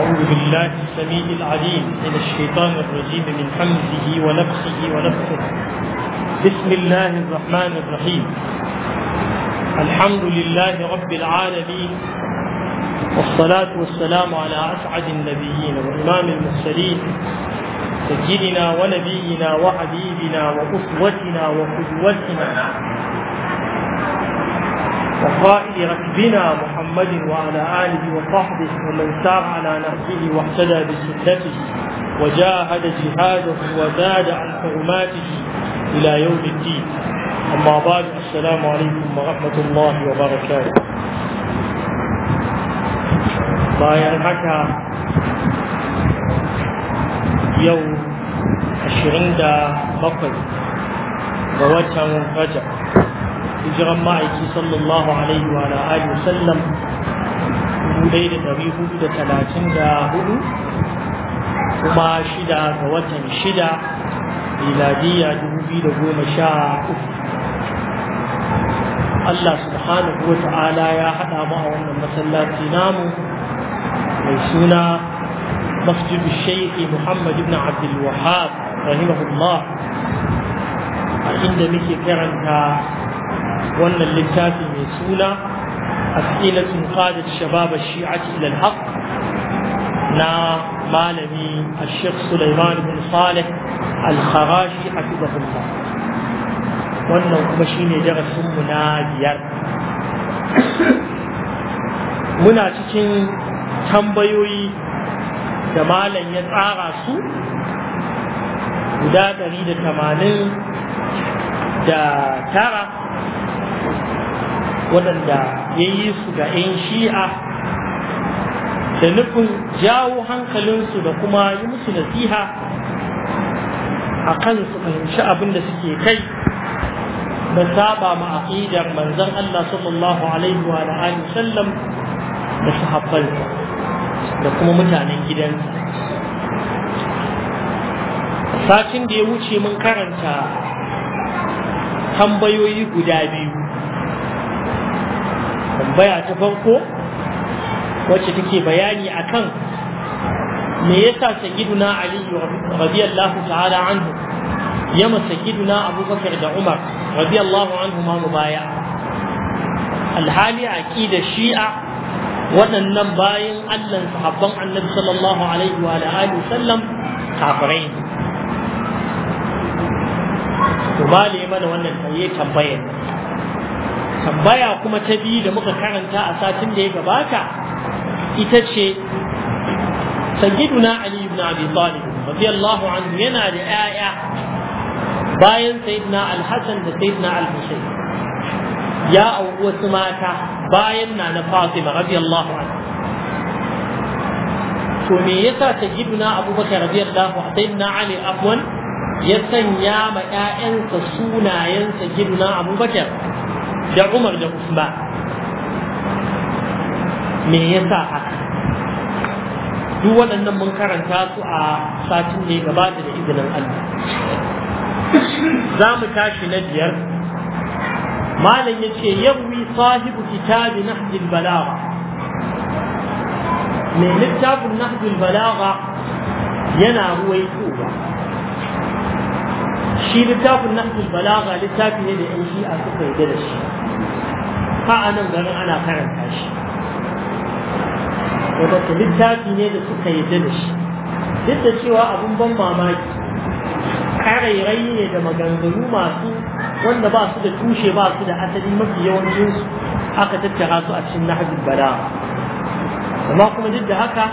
أعوذ بالله السميع العليم من الشيطان الرجيم من حمزه ونفسه ونفسه بسم الله الرحمن الرحيم الحمد لله رب العالمين والصلاة والسلام على أسعد النبيين وإمام المرسلين سيدنا ونبينا وحبيبنا وأسوتنا وقدوتنا قائد ركبنا محمد وعلى آله وصحبه ومن سار على نهجه واهتدى بسنته وجاهد جهاده وزاد عن حرماته إلى يوم الدين أما بعد السلام عليكم ورحمة الله وبركاته بايع الحكا يوم عشرين بقي ووجه رجب hijiran ma'aiki sallallahu alaihi wa alihi wasallam 1434 kuma shida ga watan shida miladiya 2013 Allah subhanahu wa ta'ala ya haɗa mu a wannan masallaci namu mai suna مسجد الشيخ محمد بن عبد الوهاب رحمه الله عند مكي كرنتا wannan littafi mai suna asilatun qadar shabab shi'ati ila haq na malami a sheikh Sulaiman bin Saleh al-Kharashi hafizahullah wannan kuma shine darasin mu na biyar muna cikin tambayoyi da malam ya tsara su guda ɗari da tamanin da tara waɗanda ya yi su ga 'yan shi'a da nufin jawo hankalinsu da kuma yi musu nasiha a kan su fahimci abin da suke kai da saba ma manzan manzon Allah sallallahu alaihi wa Alaihi sallam da sahabbansa da kuma mutanen gidan satin da ya wuce mun karanta tambayoyi guda biyu tambaya ta farko wacce take bayani akan me yasa sayyiduna ali radiyallahu ta'ala anhu yama sayyiduna abubakar da umar radiyallahu anhu ma mubaya alhali aqida shi'a waɗannan bayan allan sahabban annabi sallallahu alaihi wa alihi sallam kafirai to ba ne mana wannan sai tambayar tambaya kuma ta biyu da muka karanta a satin da ya gabata ita ce sayyiduna ali ibn abi talib radiyallahu anhu yana da 'ya'ya bayan sayyidina al-hasan da sayyidina al-husayn ya auku wasu mata bayan na na fatima radiyallahu anhu. to me yasa sayyiduna abubakar radiyallahu sayyidina ali afwan ya sanya ma ƴaƴansa sunayen sayyidina abubakar da Umar da Usman me yasa haka duk waɗannan mun karanta su a satin ne gaba da izinin Allah za mu tashi na biyar malam ya ce yawwi sahibu kitabi nahjul balagha Me littafin nahjul balagha yana ruwaitowa shi littafin nahjul balagha littafi ne da yan shi'a suka yi da shi hatta a nan garin ana karanta shi wadda littafi ne da suka yi da shi duk da cewa abin ban mamaki karairai ne da maganganu masu wanda ba su da tushe ba su da asali mafi yawancinsu aka tattara su a cikin nahajin bala amma kuma duk da haka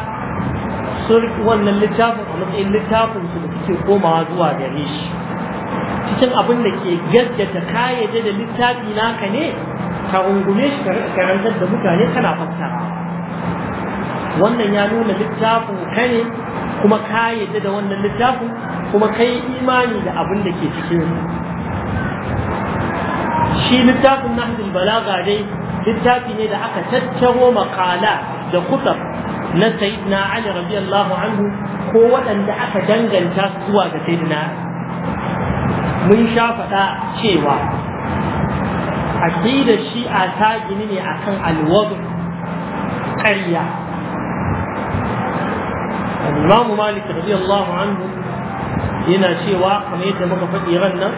sun wannan littafin a matsayin littafin su da suke komawa zuwa gare shi cikin abin da ke gaskata kayyade da littafi naka ne ka rungume shi karantar da mutane kana fassara wannan ya nuna littafin ka ne kuma ka yadda da wannan littafin kuma kai imani da abin da ke cikin shi littafin nahdul balaga dai littafi ne da aka tattaro makala da kutab na sayyidina ali radiyallahu anhu ko waɗanda aka danganta zuwa ga sayidina. mun sha faɗa cewa aqidar shi'a ta gini ne akan alwadu ƙarya Imam Malik radiyallahu anhu yana cewa kamar yadda muka faɗi ran nan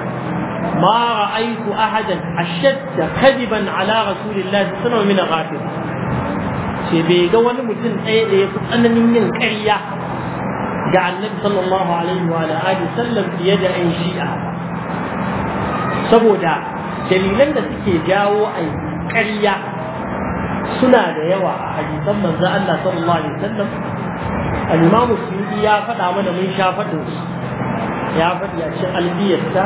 ما رأيت أحدا أشد كذبا على رسول الله صلى الله عليه ce bai ga wani mutum ɗaya da ya fi tsananin yin ƙarya ga annabi sallallahu alaihi wa alihi sallam fiye da 'yan shi'a saboda dalilan da suke jawo a ƙarya suna da yawa a hadisan manzo Allah sallallahu alaihi wasallam al-Imam Suyuti ya faɗa mana mun sha faɗin ya faɗi a cikin albiyarsa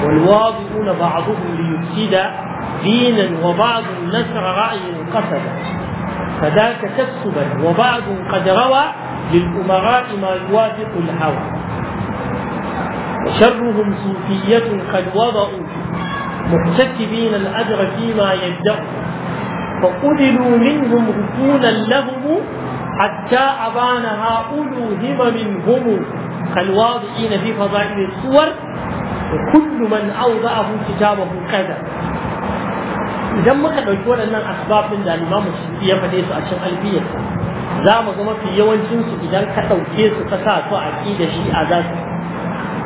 wal wadi'una ba'dhuhum li yusida dinan wa ba'dhum nasra ra'yin qasada فذاك تكسبا وبعض قد روى للأمراء ما يوافق الهوى وشرهم صوفية قد وضعوا مكتسبين الأجر فيما يدعون فأذلوا منهم غفولا لهم حتى أبان هؤلاء هم منهم كالواضحين في فضائل الصور وكل من أوضعه كتابه كذا إذا ما كان يقول أن الأسباب من ذلك الإمام السلفي يفتيس أشياء ألفية لا مظمة في يوان جنس إذا كتو كيس قصاة وعقيدة شيئا ذات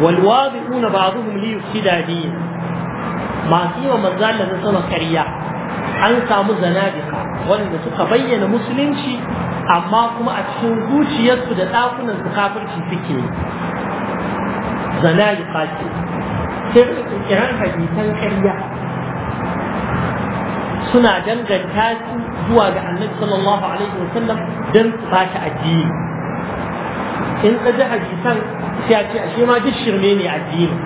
والواضعون بعضهم ليفسد دينه masu yiwa wa sama karya an samu zanadika wanda suka bayyana musulunci amma kuma a cikin zuciyarsu da ɗakunan su kafirci suke zanadika ce sai kiran hadisan ƙarya suna danganta su zuwa ga annabi sallallahu alaihi wasallam don su ba shi addini in ka ji hadisan sai a ce ashe ma duk shirme ne addini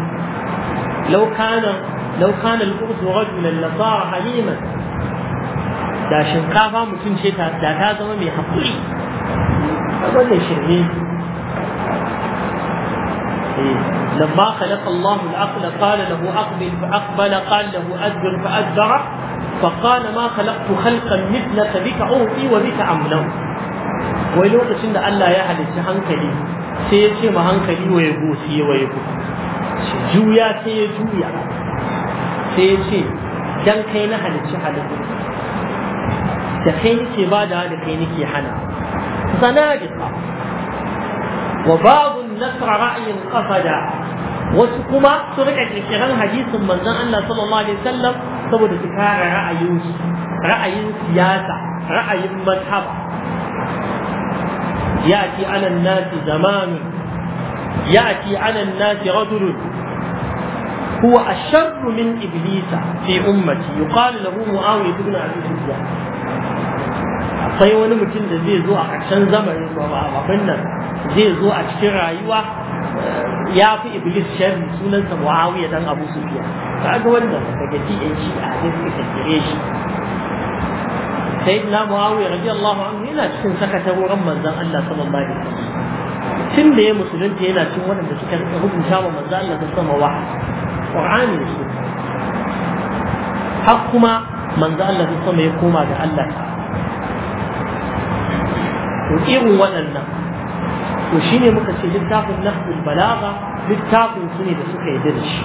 lau kana لو كان القرص رجلا لصار حليما da shinkafa mutum شيء da ta zama mai haƙuri wannan shirme لما خلق الله العقل قال له أقبل فأقبل قال له أدبر فأدبر فقال ما خلقت خلقا مثلك بك أوفي وبك ولو ولوك سند ألا يهل هنكلي سيجي ما هنكلي ويبو ويبوسي ويبو جويا سيجويا جويا sai ya ce dan kai na halicci halittu da kai nake ba da da kai nake hana zanadiqa wa babu ra'ayin ra'yin da wasu kuma su rika kirkiran hadisin manzon Allah sallallahu alaihi wasallam saboda su kare ra'ayinsu ra'ayin siyasa ra'ayin Ya mazhaba anan على الناس ya يأتي anan الناس رجل هو أشر من إبليس في أمتي يقال له معاوية بن أبي سفيان Sai wani mutum da zai zo a ƙarshen zamanin abin nan zai zo a cikin rayuwa ya fi iblis sharri sunansa muawiya dan abu sufiya ga wannan daga cikin shi a cikin kirkire shi na muawiya radiyallahu anhu yana cikin sakatarorin manzon Allah sallallahu alaihi wasallam tun da ya musulunta yana cikin waɗanda suka rubuta wa manzon Allah sallallahu alaihi wasallam qur'ani da shi har kuma manzo Allah sai sama ya koma da Allah to irin waɗannan to ne muka ce littafin nahjul balagha littafin su ne da suka yi da shi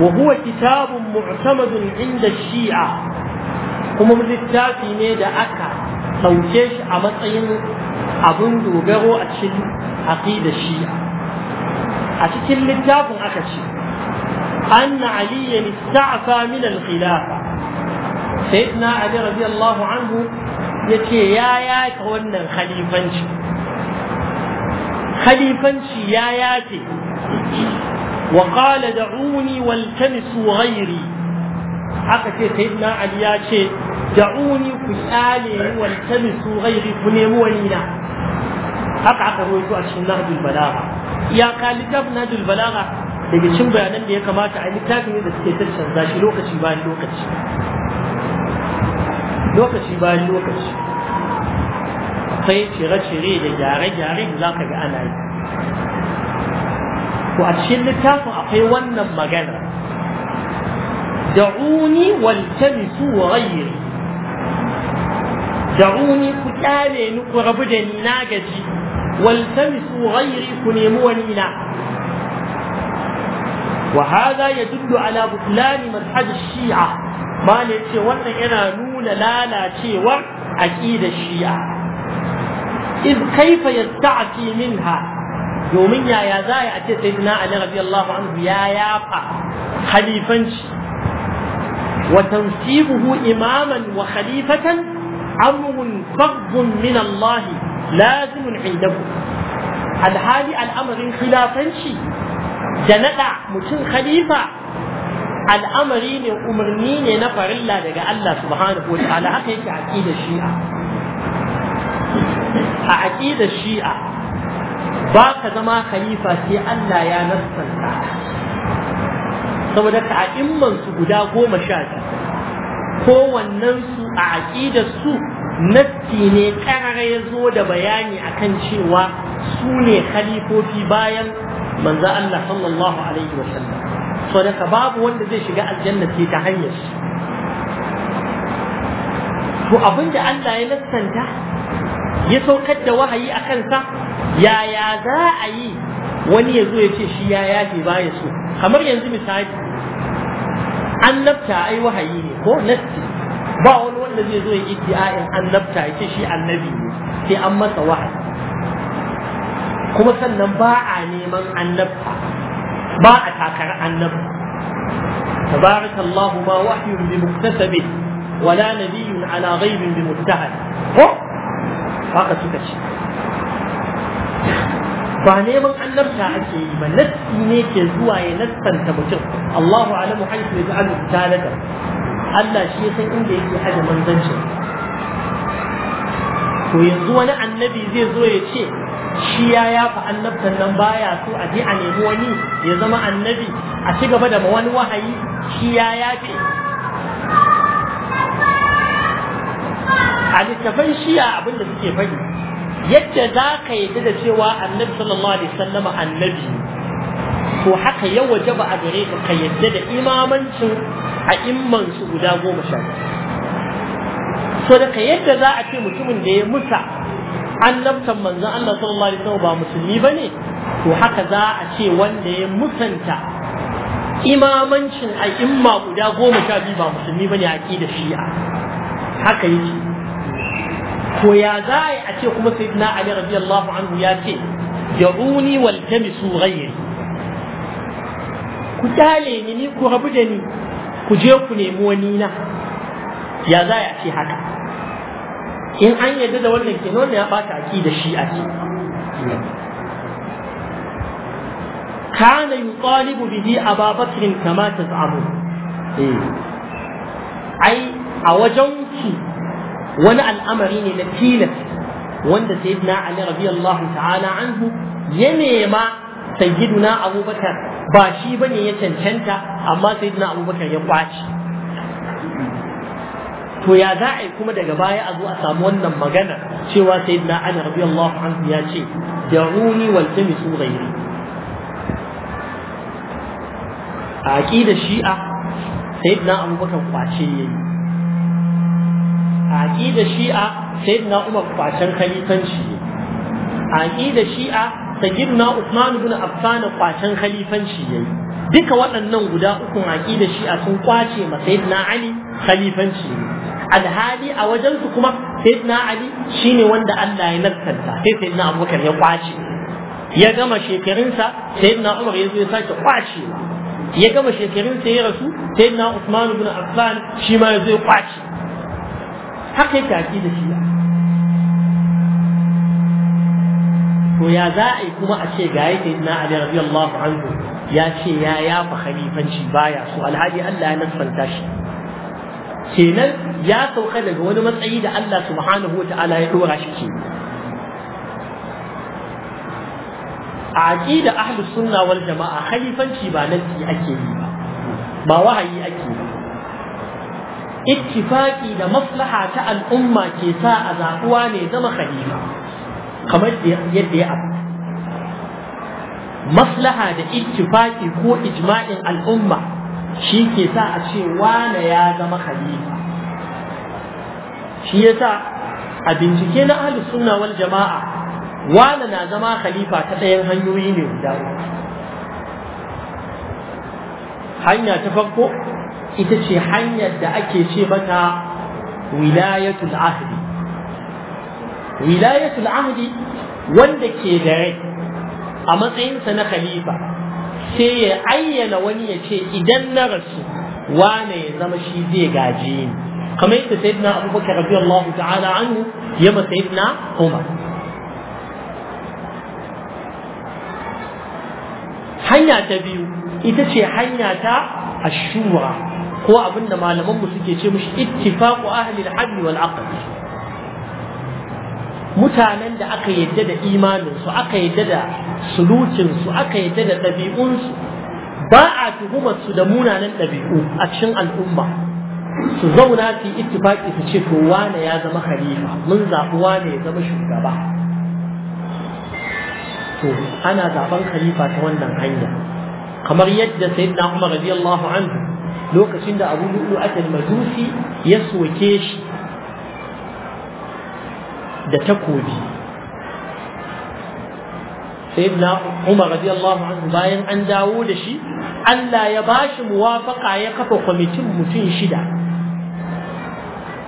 وهو كتاب معتمد عند الشيعة kuma littafi ne da aka ɗauke shi a matsayin abin dogaro a cikin aƙidar shi'a a cikin littafin aka ce أن عليا استعفى من الخلافة سيدنا علي رضي الله عنه يتي يا يا كون خليفانشي خليفانشي يا ياتي وقال دعوني والتمسوا غيري haka ce sai na ali ya ce da'uni ku tsale wal tamisu ku nemi wani na haka aka rawaito a cikin nahdul ya daga cikin bayanan da ya kamata a littafin da suke canza shi lokaci bayan lokaci lokaci bayan lokaci akwai cire-cire da gyare-gyare da za ka ga ana yi ko a cikin littafin akwai wannan magana da'uni waltamisu wa ghayri da'uni ku kyale ni ku rabu da ni na gaji waltamisu ghayri ku nemi wani na وهذا يدل على بطلان مذهب الشيعة ما نتشي وانا انا نول لا لا تشي وان اكيد الشيعة اذ كيف يستعفي منها يومين يا يازاي اتي سيدنا علي رضي الله عنه يا يافا خليفا وتنسيبه اماما وخليفة امر فرض من الله لازم عنده الحالي الامر خلافا شيء da naɗa mutum khalifa al'amari ne umarni ne na farilla daga Allah subhanahu wa ta'ala haka yake aqidar shi'a a aqidar shi'a ba ka zama khalifa sai Allah ya nassanta saboda ka a'imman su guda goma sha kowannen su a aqidar su nassi ne ya zo da bayani akan cewa su ne khalifofi bayan manzo Allah sallallahu alaihi wa sallam so daga babu wanda zai shiga aljanna sai ta hanyar shi to abin da Allah ya lissanta ya saukar da wahayi a kansa yaya za a yi wani ya zo ya ce shi ya ke baya so kamar yanzu misali annabta ai wahayi ne ko nasti ba wani wanda zai zo ya iddia'in annabta ya ce shi annabi ne sai an masa wahayi kuma sannan ba a neman annabta ba a takar annabta tabarakallahu ma wahyun ne ke zuwa ya nassanta mutum Allahu alamu haythu yaj'alu risalata Allah shi ya san inda yake aje manzancin yanzu wani annabi zai zo ya ce shi ya yafa annabtan nan baya so a je a nemi wani ya zama annabi a ci gaba da wani wahayi shi ya yafe a littafan shiya abin da suke faɗi yadda za ka yadda da cewa annabi sallallahu alaihi wasallam annabi to haka ya ba a gare ka ka yadda da imamancin a imman su guda goma sha so da ka yadda za a ce mutumin da ya musa annabtan manzon Allah sallallahu alaihi wasallam ba musulmi bane to haka za a ce wanda ya musanta imamancin a'imma guda goma sha biyu ba musulmi bane a da shi'a haka yake ko ya za a ce kuma sayyidina ali radiyallahu anhu ya ce yaruni wal tamisu ghayri ku tale ni ni ku rabu da ni ku je ku nemi wani na ya za a ce haka in an yadda da wannan kenan wannan ya bata shi a ce kana yutalibu bihi a kama taz'amu eh ai a wajen ki wani al'amari ne na tilas wanda sayyidina ali allahu ta'ala anhu ya nema sayyiduna abubakar ba shi bane ya cancanta amma sayyidina abubakar ya kwaci to ya za a yi kuma daga baya a zo a samu wannan magana cewa sai na ana rabi Allah anhu ya ce da runi wal tamisu ghairi a aqidar shi'a sayyidina abubakar kwace yayi a aqidar shi'a sayyidina umar kwacen khalifanci a aqidar shi'a sayyidina usman ibn affan kwacen khalifanci yayi duka waɗannan guda ukun aqidar shi'a sun kwace ma sayyidina ali khalifanci ne. alhali a wajensu kuma sayyidina ali shine wanda Allah ya nassanta sai sayyidina abubakar ya kwace ya gama shekarunsa sayyidina umar ya zo ya sake kwace ya gama shekarunsa ya rasu sayyidina usman ibn affan shi ma ya zo ya kwace haka yake aki da shi to ya za a yi kuma a ce ga yake na ali radiyallahu anhu ya ce ya yafa khalifanci baya so alhali Allah ya nassanta shi kenan ya sauka daga wani matsayi da Allah subhanahu wa ta'ala ya dora shi ke a aqida ahlus sunna wal jama'a khalifanci ba nasi ake yi ba ba wahayi ake yi ittifaqi da maslaha ta al'umma ke sa a zaɓuwa ne zama khalifa kamar yadda ya abu maslaha da ittifaqi ko ijma'in al'umma shi ke sa a ce wane ya zama khalifa shi sa a bincike na ahli sunna wal jama'a wane na zama khalifa ta ɗayan hanyoyi ne guda hanya ta farko ita ce hanyar da ake ce mata wilayatul ahdi wilayatul ahdi wanda ke da rai a matsayinsa na khalifa sai ya ayyana wani ya ce idan na rasu wane ya zama shi zai gaji ni kamar yadda sayyidina abubakar radiyallahu ta'ala anhu ya ma sayyidina umar hanya ta biyu ita ce hanya ta ashura ko abinda malamanmu suke ce mushi ittifaqu ahli al-adl wal aqd mutanen da aka yadda da imaninsu aka yadda da sulukinsu aka yadda da ɗabi'unsu ba a tuhumarsu da munanan ɗabi'u a cikin al'umma su zauna su yi ittifaki su ce to wane ya zama khalifa mun zaɓi wane ya zama shugaba to ana zaɓen khalifa ta wannan hanya kamar yadda sayyidina Umar radiyallahu anhu lokacin da Abu Lu'lu al-Majusi ya soke shi da takobi sayyidina Umar radiyallahu anhu bayan an dawo da shi Allah ya bashi muwafaka ya kafa kwamitin mutum shida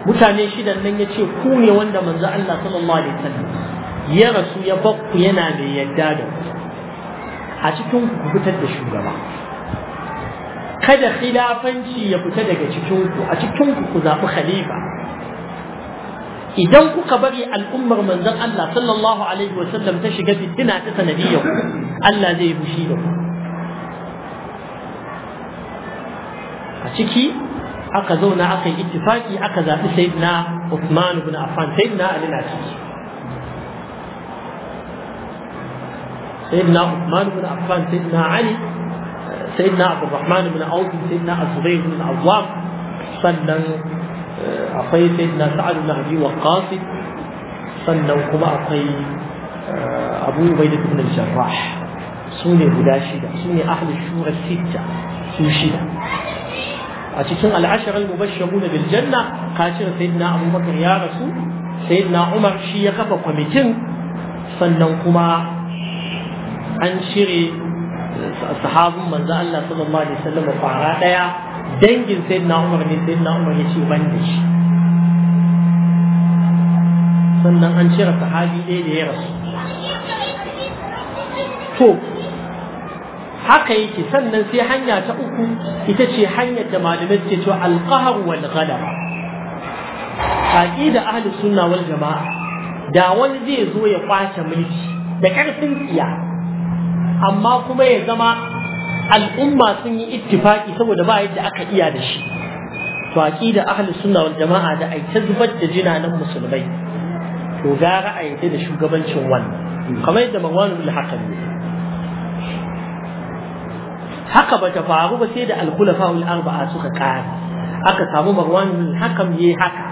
mutane shidan nan ya ce ku ne wanda manzo Allah sallallahu alaihi wasallam ya rasu ya bakku yana mai yadda da ku a cikin ku fitar da shugaba kada khilafanci ya fita daga cikin ku a cikin ku ku zaɓi khalifa idan kuka bari al'ummar manzon Allah sallallahu alaihi wa sallam ta shiga fitina ta sanadiyya Allah zai bushi da ku a ciki aka zauna aka yi ittifaki aka zaɓi sayyidina Uthman ibn Affan sayyidina Ali na ciki sayyidina Uthman ibn Affan sayyidina Ali sayyidina Abdurrahman ibn Auf sayyidina Az-Zubair ibn Awwam sannan akwai sayyidina Sa'adu ibn abi waqqas sannan kuma akwai abu ubaida jarrah su ne guda shida su ne ahli shura sitta su shida a cikin al'ashar al-mubashshiruna bil janna kashin sayyidina abubakar ya rasu sayyidina umar shi ya kafa kwamitin sannan kuma an shirye sahabin manzo Allah sallallahu alaihi wasallam fara daya dangin sayyidina umar ne sayyidina umar ya ce ban da shi sannan an cire sahabi ɗaya da ya rasu to haka yake sannan sai hanya ta uku ita ce hanyar da malamai ce cewa alqahar wal ghalaba aqida ahli sunna wal jamaa da wani zai zo ya kwace mulki da karfin tsiya amma kuma ya zama al'umma sun yi ittifaki saboda ba yadda aka iya da shi to aqida ahli sunna wal jama'a da ai ta zubar da jinanan musulmai to gara a da shugabancin wannan kamar yadda Marwan ibn Hakam haka bata faru ba sai da al-khulafa al-arba'a suka kare aka samu Marwan ibn Hakam yayi haka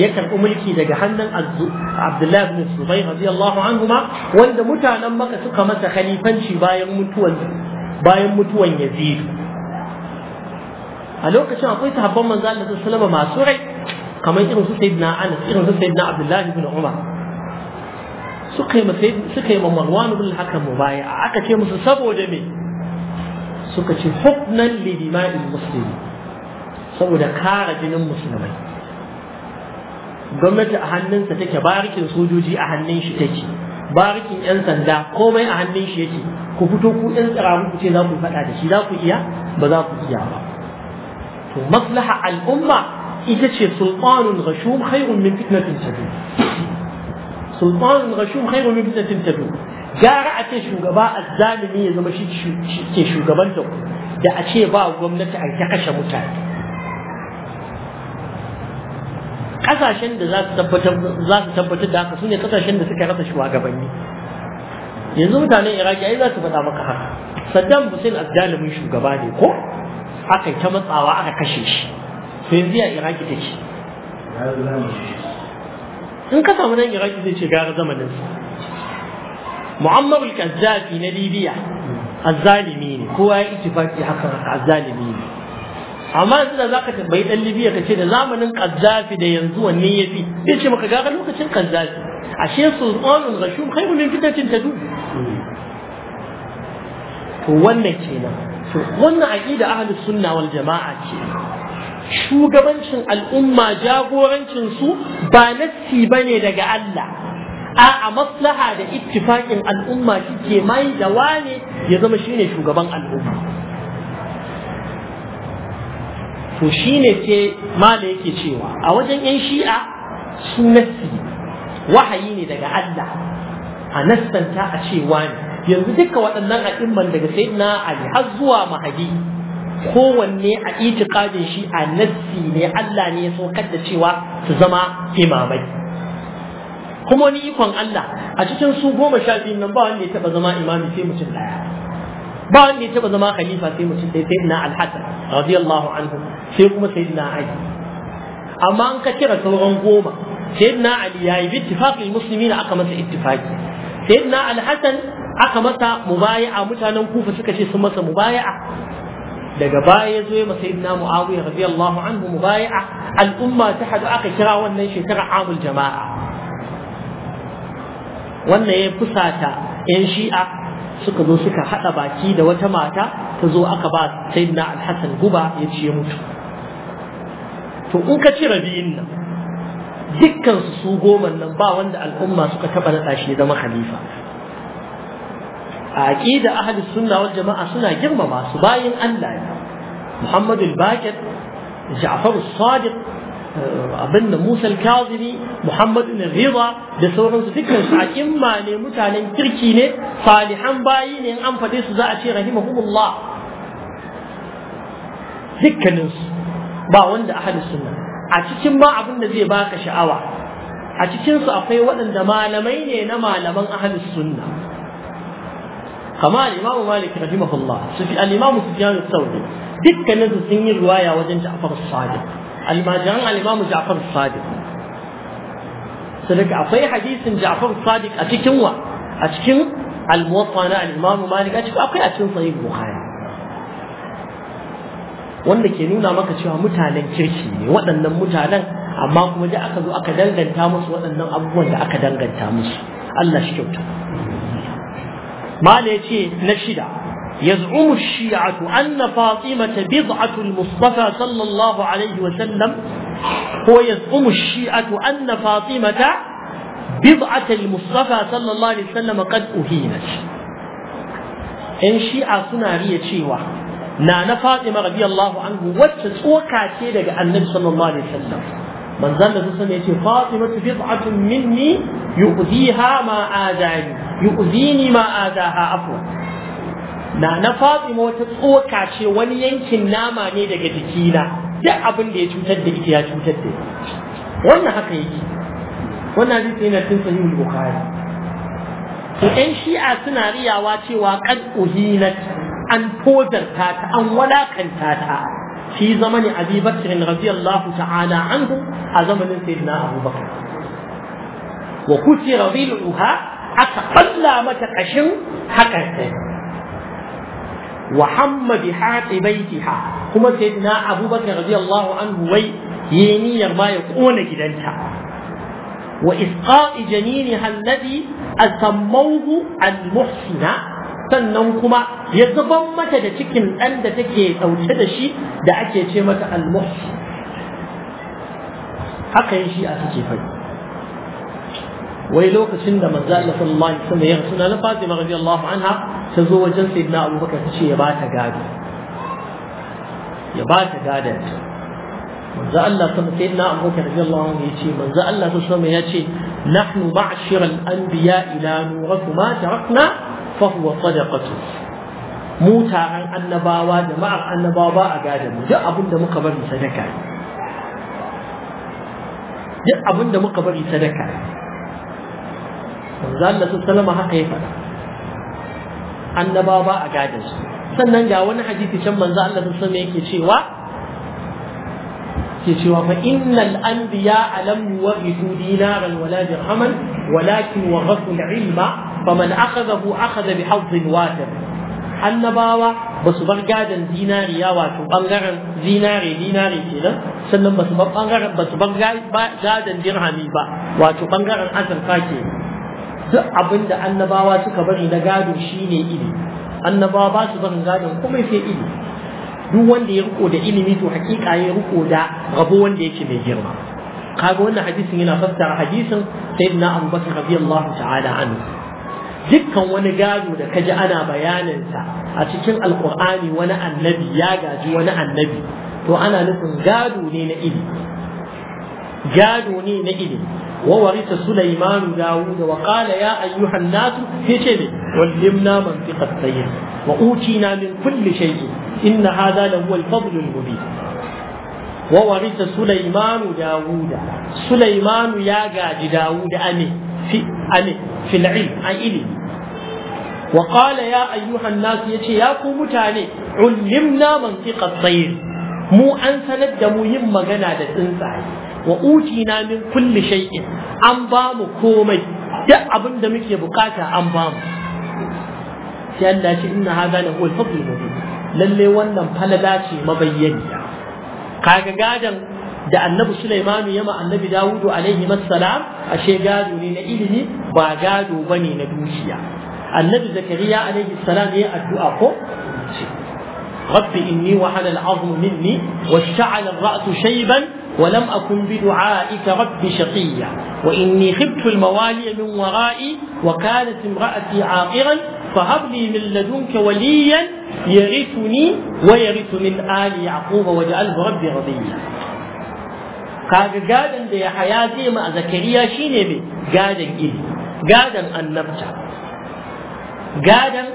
ya karbi mulki daga hannun Abdullahi bin Zubair radiyallahu anhuma wanda mutanen Makka suka masa khalifanci bayan mutuwar bayan mutuwan yazid a lokacin akwai sahabban manzo Allah sallallahu masu rai kamar irin su sayyidina Anas irin su sayyidina Abdullahi ibn Umar suka yi ma suka yi ma Marwan ibn Hakam aka ce musu saboda me suka ce huknan li dima'il muslimi saboda kare jinin musulmai gwamnati a hannunsa take barikin sojoji a hannun shi take barikin yan sanda komai a hannun shi yake ku fito ku yan tsara ku ce za ku faɗa da shi za ku iya ba za ku iya ba to maslaha al'umma ita ce sultanun rashum khairun min fitnatin tabu sultanun rashum khairun min fitnatin tabu gara a ce shugaba azzalimi ya zama shi ke shugaban da ku da a ce ba gwamnati a ta kashe mutane kasashen da za su tabbatar da haka su ne kasashen da suka rasa shugabanni yanzu mutanen iraki ai za su faɗa maka haka saddam hussein azzalimin shugaba ne ko aka ta matsawa aka kashe shi to yanzu ya iraki take in ka samu nan iraki zai ce gara zamanin sa mu'ammar al-kazzafi na libiya azzalimi ne kowa ya ittifaqi haka azzalimi ne amma yanzu da zaka tambayi dan Libya kace da zamanin Qaddafi da yanzu wanne yafi yace maka ga lokacin Qaddafi ashe sultanul rashum khairu min fitatin tadu to wannan kenan to wannan aqida ahli sunna wal jamaa ce shugabancin al'umma jagorancin su ba nasi bane daga Allah a'a maslaha da ittifaqin al'umma kike mai da wane ya zama shine shugaban al'umma to shine yake cewa a wajen yan shi'a su nassi wahayi ne daga Allah a nassanta a cewa ne yanzu duka waɗannan a'imman daga sayyidina Ali har zuwa mahadi kowanne a itikadin shi a nassi ne Allah ne ya saukar da cewa su zama imamai kuma ni ikon Allah a cikin su goma sha biyu nan ba wanda ya taɓa zama imami sai mutum ɗaya ba wanda ya taba zama khalifa sai mutum sai sai na alhassan radiyallahu anhu sai kuma sai na ali amma an ka kira sauran goma sai na ali ya yi bittifaqil muslimin aka masa ittifaqi sai na alhassan aka masa mubaya'a mutanen kufa suka ce sun masa mubaya'a daga baya ya zo ya masa ibn muawiya radiyallahu anhu mubayi'a al'umma ta hadu aka kira wannan shekara amul jama'a wannan ya fusata yan shi'a suka zo suka haɗa baki da wata mata ta zo aka ba sayyidina alhassan guba ya ce mutu to in ka ci rabi'in nan dukkan su su goma nan ba wanda al'umma suka taɓa naɗa shi zama khalifa a aqida ahli sunna wal jama'a suna girmama su bayin Allah ne Muhammadu al-Baqir Ja'far as-Sadiq abin da Musa al-Kazimi Muhammad ibn da sauransu dukkan su a'imma ne mutanen kirki ne salihan bayi ne an faɗe su za a ce rahimahumullah dukkanin su ba wanda ahli sunna a cikin ma abin da zai baka sha'awa a cikin su akwai waɗanda malamai ne na malaman ahli sunna kama al-Imam Malik rahimahullah su fi al-Imam Sufyan al-Thawri dukkanin su sun yi riwaya wajen Ja'far as-Sadiq almajiran Alimamu, Ja'far Sadiq sadaka akwai hadisin Ja'far Sadiq a cikin wa a cikin al na Malik a cikin akwai a cikin sahih Bukhari wanda ke nuna maka cewa mutanen kirki ne waɗannan mutanen amma kuma da aka zo aka danganta musu waɗannan abubuwan da aka danganta musu Allah shi kyauta mala ya ce na shida يزعم الشيعة أن فاطمة بضعة المصطفى صلى الله عليه وسلم هو يزعم الشيعة أن فاطمة بضعة المصطفى صلى الله عليه وسلم قد أهينت إن شيعة سنارية شيوة نانا فاطمة رضي الله عنه واتس وتسوكا كيدك النبي صلى الله عليه وسلم من ظل تسمى فاطمة بضعة مني يؤذيها ما آذاني يؤذيني ما آذاها أفضل na na fatima wata tsoka ce wani yankin nama ne daga jikina duk abin da ya cutar da ita ya cutar da wannan haka yake wannan hadisi yana cikin sahihul bukhari to ɗan shi'a suna riyawa cewa qad uhinat an tozarta ta an wadakanta ta fi zamanin Abi Bakr radiyallahu ta'ala anhu a zamanin Sayyidina Abu Bakr wa kuti radiluha aka balla mata kashin hakan sai wa hamma bi haɗe baitiha kuma sai na abubakar radiyallahu anhu wai yi niyyar ma ya ƙona gidanta wa isqa'i halladi a asammawhu al-muhsina sannan kuma ya zuban mata da cikin ɗan da take ɗauke da shi da ake ce mata almuhsi haka yin shi a suke fari wai lokacin da manzo Allah sallallahu alaihi wasallam ya rasu na Fatima radiyallahu anha ta zo wajen sayyidina Abu Bakar ta ce ya ba ta gado ya ba ta gadon manzo Allah sallallahu alaihi wasallam Abu Bakar radiyallahu anhu ya ce manzo Allah sallallahu ya ce nahnu ma'shiral anbiya ila nurathu ma tarakna fa huwa sadaqatu mu taron annabawa jama'ar annabawa ba a duk abin da muka bari sadaka da muka bari sadaka manzo Allah sallallahu haka ya annaba ba a gadin su sannan ga wani hadisi can manzo Allah sallallahu yake cewa ke cewa fa innal anbiya alam yuwarithu dinaran wala dirhaman walakin warathu al-ilma faman akhadahu akhadha bi hadhin wafir annabawa ba su bar gadon dinariya wato bangaren zinare dinare kenan sannan ba su bar gadon dirhami ba wato bangaren azurfa kenan duk abin da annabawa suka bari na gado shine ilimi annabawa ba su barin gado kuma sai ilimi duk wanda ya riko da ilimi to hakika ya riko da rabo wanda yake mai girma kaga wannan hadisin yana fassara hadisin sayyidina abubakar radiyallahu ta'ala anhu dukkan wani gado da kaji ana bayaninsa a cikin alkur'ani wani annabi ya gaji wani annabi to ana nufin gado ne na ilimi gado ne na ilimi وورث سليمان داود وقال يا أيها الناس يتبع علمنا منطق الطير وأوتينا من كل شيء إن هذا لهو الفضل المبين وورث سليمان داود سليمان يا قاج داود أمي في, أمي في العلم أي وقال يا أيها الناس يتي يا متاني علمنا منطق الطير مو أنسى ندى مهم مغنى للإنسان wa utina min kulli shay'in an ba mu komai duk abin da muke bukata an ba mu sai Allah ya inna hadha la huwal fadl mubin lalle wannan falala ce mabayyaniya kaga gadan da annabi Sulaimanu yama annabi Dawudu alaihi ashe gado ne na ilimi ba gado bane na dukiya annabi Zakariya alaihi salam yayi addu'a ko rabbi inni wa hada al'azmu minni washta'ala ar-ra'su shayban ولم أكن بدعائك رب شقيا وإني خفت الموالي من ورائي وكانت امرأتي عاقرا فهب لي من لدنك وليا يرثني ويرث من آل يعقوب واجعله ربي رضيا kaga gadon da ya haya zai ma a zakariya shine mai gadon ilimi gadon annabta gadon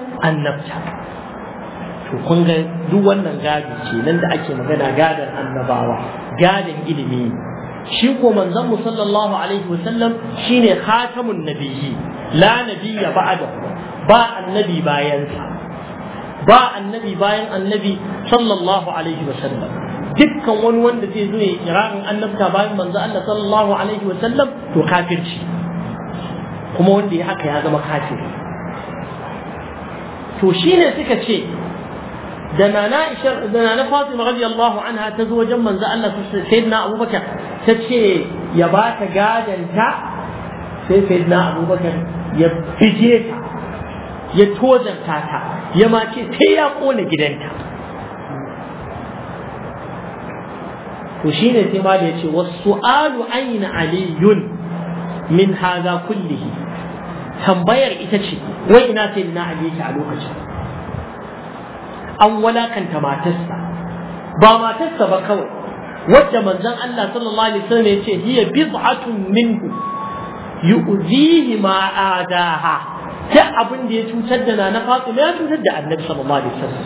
to kun ga duk wannan gadi nan da ake magana gadan annabawa gadin ilimi shi ko manzon mu sallallahu alaihi wa sallam shine khatamun nabiyyi la nabiyya ba'da ba annabi bayan sa ba annabi bayan annabi sallallahu alaihi wa wasallam dukkan wani wanda zai zo ya kirarin annabta bayan manzo Allah sallallahu alaihi wa sallam to kafirci kuma wanda ya haka ya zama kafiri to shine suka ce da nana ishar da nana fatima radiyallahu anha ta zo wajen manzo Allah sayyidina abubakar ta ce ya ba ta gadanta sai sayyidina abubakar ya fije ta ya tozarta ta ya mace sai ya kona gidanta to shine sai ma da yace wasu'alu ayna aliyun min hadha kulle. tambayar ita ce wai ina sayyidina ali ta a lokacin an walakanta matarsa ba matarsa ba kawai wadda manzon Allah sallallahu alaihi wasallam ya ce hiya bid'atun minhu yu'zihi ma adaha Ta abin da ya cutar da na Fatima ya cutar da Annabi sallallahu alaihi wasallam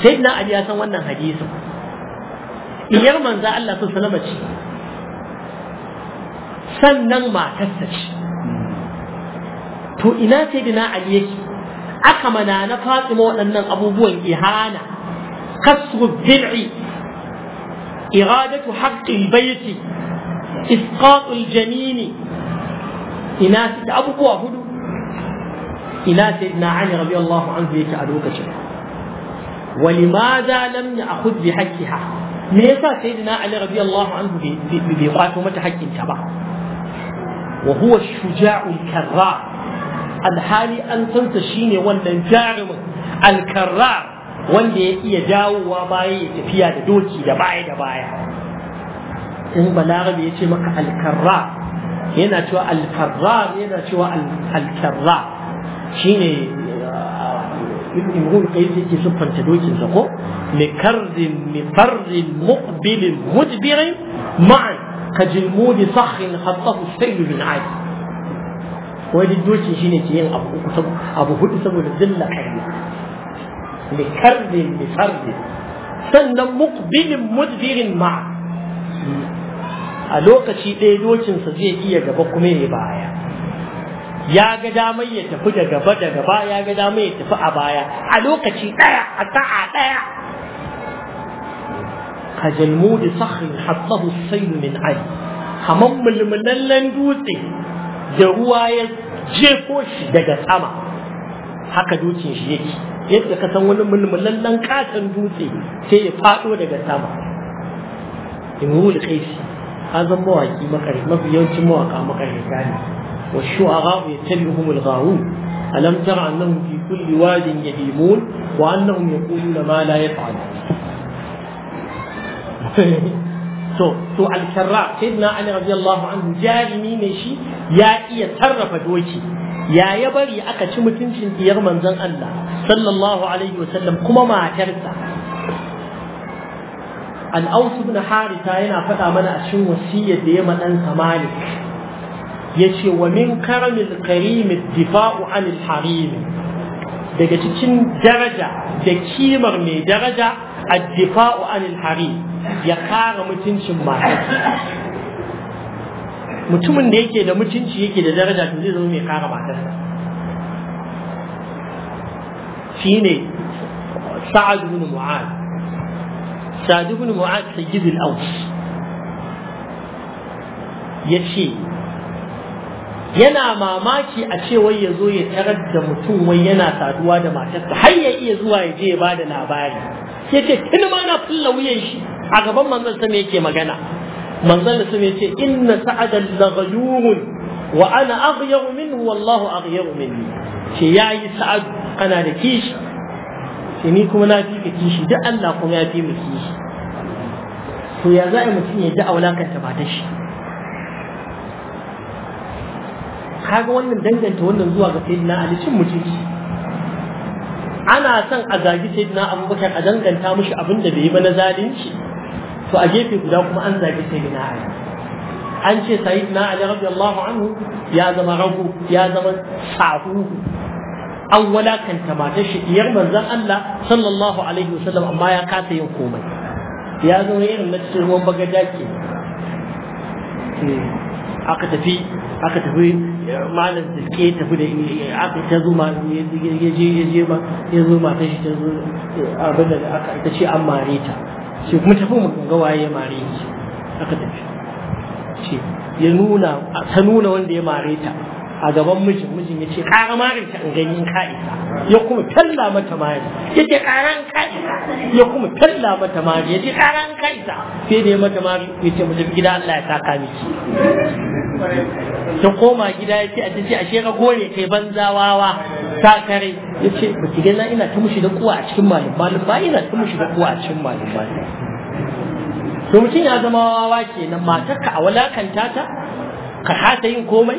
sayyidina Ali ya san wannan hadisin iyar manzon Allah sallallahu alaihi wasallam ce sannan matarsa ce to ina sayyidina Ali yake aka mana na fatima waɗannan abubuwan ihana kasru bil'i iradatu haqqil baiti isqatul janini ina da abubuwa hudu ina sayyidina ali radiyallahu anhu yake a lokacin ولماذا لم يأخذ بحقها؟ ليس سيدنا علي رضي الله عنه بقاتل متحكم تبعه وهو الشجاع الكرار alhali an sansa shine wannan jarumin alkarrar wanda ya iya jawowa baya ya tafiya da doki da baya da baya in balarabe ya ce maka alkarra yana cewa alkarra yana cewa alkarra shine ibn imrul kai yake siffanta dokin sa ko li karzin li farzin muqbilin mudbirin ma'a kajilmudi sakhin khattahu sayl bin adi wai duddoci shine ke yin abu hudu saboda zilla ƙarya likardin likardin sannan mukbilin mudbirin ma a lokaci ɗaya dokinsa zai iya gaba kuma ya baya ya ga damar ya tafi da gaba da gaba ya ga damar ya tafi a baya a lokaci ɗaya a sa'a ɗaya ka jalmu da sahin hatsahu sai min ai kamar mulmulallen dutse da ruwa ya jefo shi daga sama haka dutsen shi yake yadda ka san wani mulmulallen katan dutse sai ya fado daga sama in imrul qaisi azan mawaki makare mafi yawanci mawaka makarita gani wa shu'ara ya yattabi'uhum al-ghawun alam tara annahum fi kulli wadin yadimun wa annahum yaquluna ma la yaf'alun to to al-sharra sayyidina ali radiyallahu anhu jarimi ne shi ya iya sarrafa doki ya ya bari aka ci mutuncin diyar manzon Allah sallallahu alaihi sallam kuma matarsa al-aus ibn harita yana faɗa mana a cikin wasiyyar da ya madansa malik yace wa min karamil karim ad-difa'u 'anil harim daga cikin daraja da kimar mai daraja addifa'u anil hari ya kara mutuncin matarsa mutumin da yake da mutunci yake da daraja to zai zama mai kare matarsa shine سعد بن معاذ سعد ta معاذ سيد Ya ce yana mamaki a ce wai ya zo ya tarar da mutum wai yana saduwa da matarsa har ya iya zuwa ya je ya ba da labari yace tun ma na fulla wuyan shi a gaban manzon sama yake magana manzon sama yace inna sa'adan laghayurun wa ana aghyaru minhu wallahu aghyaru minni ce yayi sa'ad kana da kishi ce ni kuma na fi kishi duk Allah kuma ya fi mu kishi to ya za'a mutum ya ji a ta ba ta shi kaga wannan danganta wannan zuwa ga sayyidina Ali cin mutunci ana son a zagi sayyidina abubakar a danganta mashi abin da bai yi ba na zalunci to a gefe guda kuma an zagi sayyidina ali an ce sayyidina ali radiyallahu anhu ya zama rago ya zama sahu an walakanta matar shi diyar manzon Allah sallallahu alaihi wasallam amma ya kasa yin komai ya zama irin na cikin ruwan bagaja ke eh, aka tafi aka tafi malam ke tafi da aka ta zo ma ya je ya je ma ya zo ma ta shi ta zo abin da aka ita ce an mare ta shi kuma tafi mu ga waye ya mare shi aka tafi shi ya nuna ta nuna wanda ya mare ta a gaban mijin mijin ya ce ƙara mare ta in ganin ka'isa ya kuma talla mata mare ya ce ƙaran ka'isa ya kuma talla mata mare ya ce ƙaran ka'isa sai da ya mata mare ya ce mu tafi gida Allah ya saka miki ta koma gida ya ce a ce ashe ka gore kai banza wawa ta kare ya ce ba ki gina ina ta mushi da kuwa a cikin malin malin ba ina ta mushi da kuwa a cikin malin malin to mutum ya zama wawa kenan matar ka a walakanta ta ka hata yin komai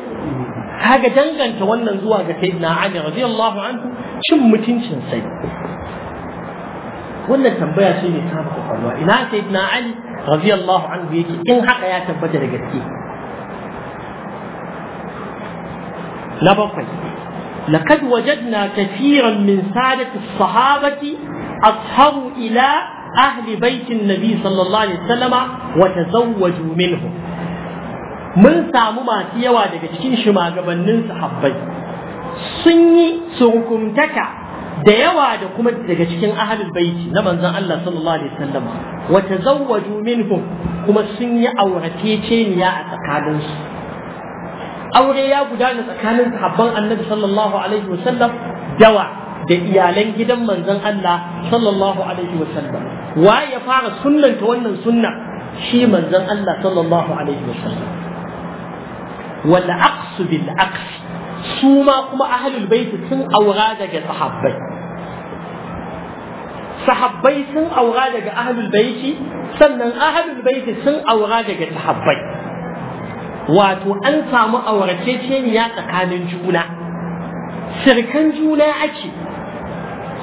kaga danganta wannan zuwa ga sayyidina Ali radiyallahu anhu cin mutuncin sai wannan tambaya ce mai saba kwakwalwa ina sayyidina Ali radiyallahu anhu yake in haka ya tabbata da gaske na bakwai لقد وجدنا كثيرا من سادة الصحابة أصحبوا ila ahli بيت nabi صلى الله عليه وسلم وتزوجوا منهم mun samu masu yawa daga cikin shugabannin sahabbai sun yi surkuntaka da yawa da kuma daga cikin ahli baiti na manzon Allah sallallahu alaihi wasallam wa tazawwaju minhum kuma sun yi aurateceniya a tsakaninsu aure ya gudana tsakanin sahabban annabi sallallahu alaihi wasallam dawa da iyalan gidan manzon Allah sallallahu alaihi wasallam wa ya fara sunnanta wannan sunna shi manzon Allah sallallahu alaihi wasallam wal aqsu bil aqs su ma kuma ahlul bait sun aura daga sahabbai sahabbai sun aura daga ahlul baiti sannan ahlul baiti sun aura daga sahabbai wato an samu aurataceniya tsakanin juna sirkan juna ake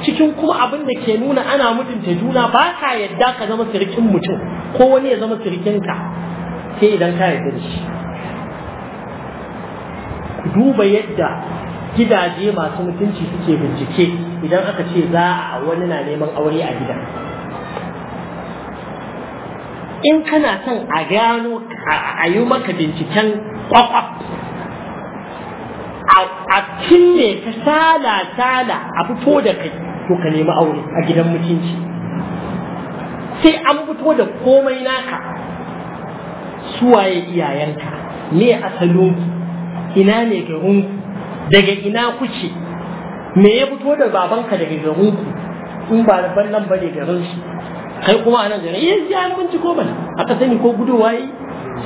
cikin kuma abin da ke nuna ana mutunta juna ba ka yadda ka zama sirkin mutum ko wani ya zama sirkinka sai idan ka yadda da shi duba yadda gidaje masu mutunci suke bincike idan aka ce za a wani na neman aure a gidan in kana son a gano a yi maka binciken kwakwaf a cinne ka sala sala a fito da kai to ka nemi aure a gidan mutunci sai an fito da komai naka suwaye iyayenka me asalin ina ne garin daga ina kuce me ya fito da babanka daga garin in ba ban nan bane garin su kai kuma a nan gari yi eh, ya an ko mana aka sani ko gudu. Waye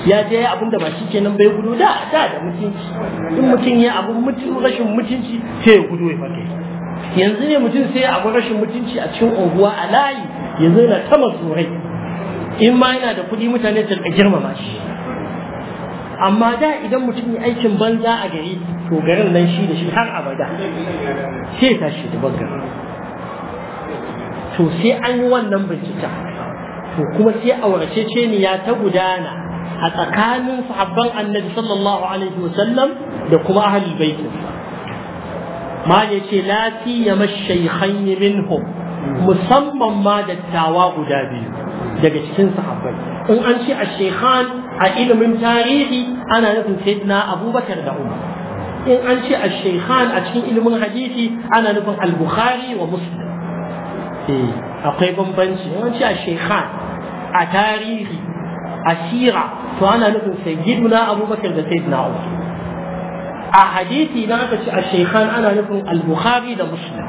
ya je ya abin da ba shi kenan bai gudu da da da mutunci in mutum ya abu mutum rashin mutunci sai ya gudu ya fake yanzu ne mutum sai ya abu rashin mutunci a cikin unguwa a layi yanzu yana ta masurai in ma yana da kuɗi mutane su ka girmama shi amma da idan mutum ya aikin banza a gari to garin nan shi da shi har abada sai ta shi da baggar to sai an yi wannan bincika, to kuma sai ya ta gudana a tsakanin sahabban annabi sallallahu alaihi wasallam da kuma ahli baitin ma ya ce la siyama shaykhayn minhum musamman ma dattawa guda biyu daga cikin sahabbai in an ce a shaykhan a ilimin tarihi ana nufin sayyidina abubakar da umar in an ce a shaykhan a cikin ilimin hadisi ana nufin al-bukhari wa muslim Eh, akwai bambanci yawanci a shekhan a tarihi a sira to ana nufin sayyiduna abubakar da sayyiduna umar a hadithi na aka ce a shekhan ana nufin al-bukhari da muslim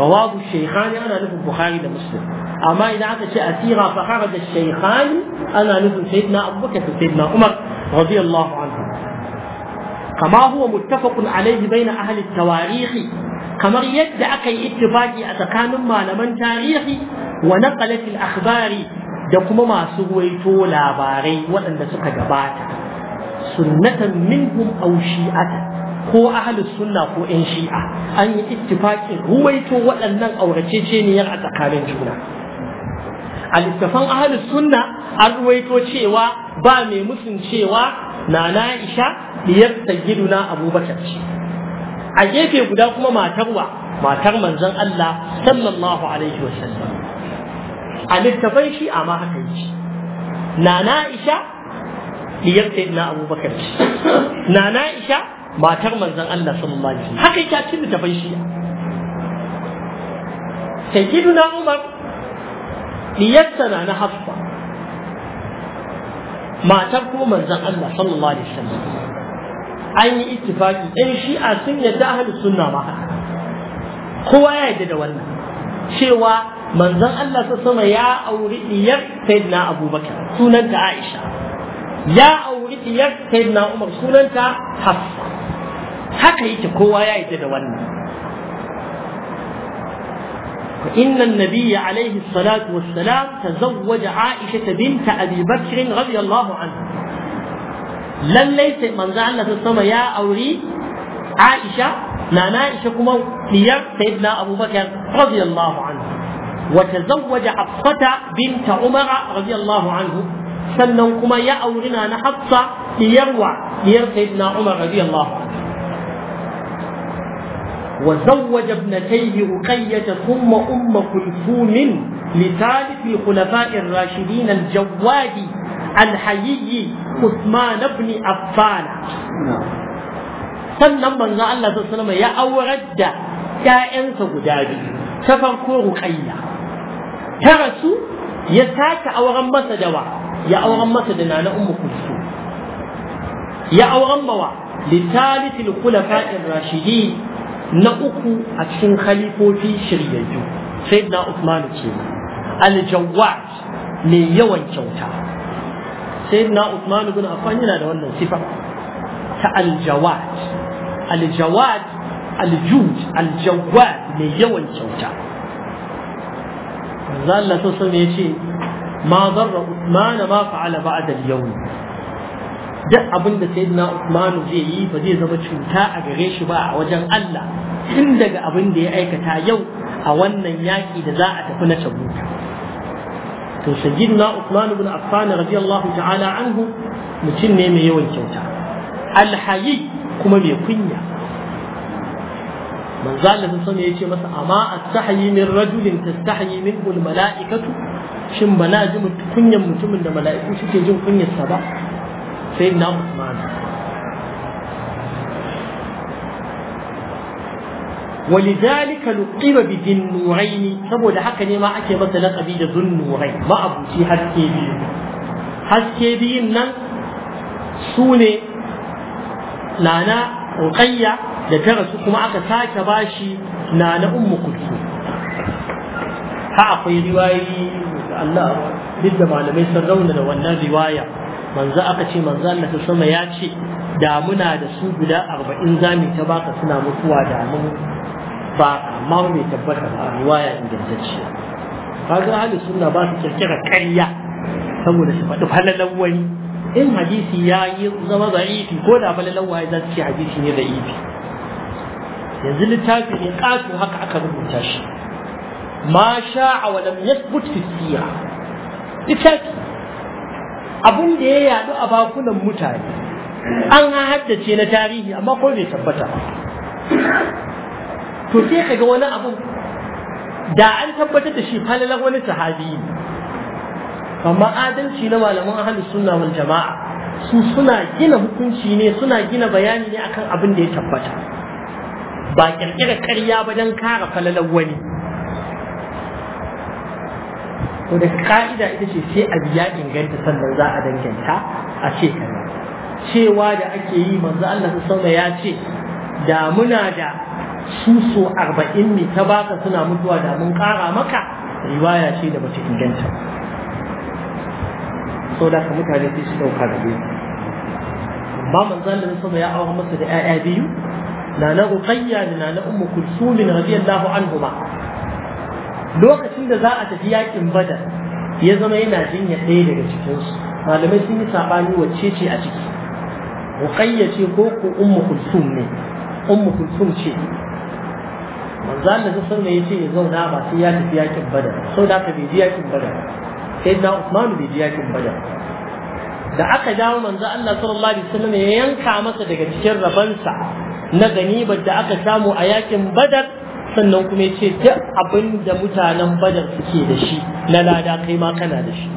rawabu shekhani ana nufin bukhari da muslim amma idan aka ce a sira fa da shaykhani ana nufin sayyiduna abubakar da sayyiduna umar radiyallahu anhu kama huwa muttafaqun Baina bayna ahli tawarihi kamar yadda aka yi ittifaki a tsakanin malaman tarihi wa naqalat al akhbari da kuma masu ruwaito labarai waɗanda suka gabata sunnatan minhum aw shi'atan ko ahalus sunna ko yan shi'a an yi ittifaqin ruwaito waɗannan auraceceniyar a tsakanin juna a littafan ahalus sunna an ruwaito cewa ba mai musun cewa na na diyar sayyiduna abubakar ce a gefe guda kuma matar wa matar manzon Allah sallallahu alaihi wa wasallam a littafan shi a ma haka yake nana Aisha diyar sayyidina abubakar ce nana Aisha matar manzon Allah sallallahu alaihi wasallam haka yake a cikin littafan shi sayyiduna Umar diyarsa na na Hafsa matar kuma manzon Allah sallallahu alaihi wasallam an yi ittifaki ɗan shi'a sun yadda ahalus sunna ba. haka kowa ya yadda da wannan cewa manzon Allah ta sama ya auri diyar sayyidina Abubakar sunanta Aisha ya auri diyar sayyidina Umar sunanta Hafsa haka yake kowa ya yadda da wannan فإن النبي عليه الصلاة والسلام تزوج عائشة بنت أبي بكر رضي الله عنه lallai sai manzo Allah sama ya auri Aisha na Aisha kuma diyar sayyidina Abubakar radiyallahu anhu wa tazawwaja Hafsata bint Umar radiyallahu anhu sannan kuma ya auri na Hafsa diyar wa diyar sayyidina Umar radiyallahu anhu وزوج ابنتيه رقية ثم أم كلثوم لثالث الخلفاء الراشدين الجواد الحيي عثمان بن عفان نعم. سنة من الله صلى يا أورد يا أنس قدادي تفرقوا رقية هرسو يساك أو غمس دواء يا أو غمس دنانا أم كلثوم يا أو غموا لثالث الخلفاء الراشدين na uku a cikin khalifofi shiryayyu sai na Uthman ce al-jawwad mai yawan kyauta sai na Uthman ibn Affan yana da wannan sifa ta al-jawad al-jawad al-juj al-jawwad mai yawan kyauta manzo Allah sallallahu alaihi wasallam yace ma darra Uthman ma fa'ala ba'da al-yawm duk abin da sayyidina Usman zai yi ba zai zama cuta a gare shi ba a wajen Allah tun daga abin da ya aikata yau a wannan yaki da za a tafi na Tabuk to na Usman bin Affan radiyallahu ta'ala anhu mutum ne mai yawan kyauta alhayi kuma mai kunya manzo Allah sun ya ce masa amma astahyi min rajulin tastahyi minhu almalaikatu shin bana ji kunyan mutumin da mala'iku suke jin kunyarsa ba sai na Usman ولذلك لقب بذي النورين saboda haka ne ma ake masa laqabi da zun nurai ma haske biyu haske biyun nan sune nana ruqayya da ta rasu kuma aka sake bashi nana ummu kulsu ha akwai riwayi Allah duk da malamai sun rauna da wannan riwaya manzo aka ce manzo Allah ta sama ya ce damuna da su guda arba'in za mu ta baka suna mutuwa da mun ba amma mai tabbata ba riwaya ingantacciya kaga ahli sunna ba su kirkira ƙarya saboda su faɗi falalan wani in hadisi ya yi zama za'ifi ko da falalan wani za su ce hadisi ne za'ifi yanzu littafi ne ƙato haka aka rubuta shi ma sha'a wa lam yathbut fi littafi abin da ya yaɗu a bakunan mutane an haddace na tarihi amma ko bai tabbata ba to sai kaga wani abu da an tabbatar da shi falalar wani sahabi amma adalci na malaman ahlus sunna wal jama'a su suna gina hukunci ne suna gina bayani ne akan abin da ya tabbata ba kirkira karya ba don kara falalar wani to da ka'ida ita ce sai a biya inganta sannan za a danganta a ce cewa da ake yi manzo Allah sallallahu ya ce da muna da su so arba'in ne ta baka suna mutuwa da mun kara maka riwaya ce da bata inganta so da ka mutane sai su dauka da biyu amma manzo Allah sallallahu ya aure masa da 'ya'ya biyu na na uqayya da na na ummu kulsum radiyallahu anhuma lokacin da za a tafi yakin badar ya zama yana jinya ɗaya daga cikinsu malamai sun yi saɓani wacce ce a ciki ruqayya ce ko ku ummu kulsum ne ummu kulsum ce manzo Allah ya sanar yace ya zauna ba sai ya tafi yakin badar sau da aka bai ji yakin badar sai na Usman bai ji yakin badar da aka dawo manzo Allah sallallahu alaihi wasallam ya yanka masa daga cikin rabansa na ganibar da aka samu a yakin badar sannan kuma ya ce duk abin da mutanen badar suke da shi na lada kai ma kana da shi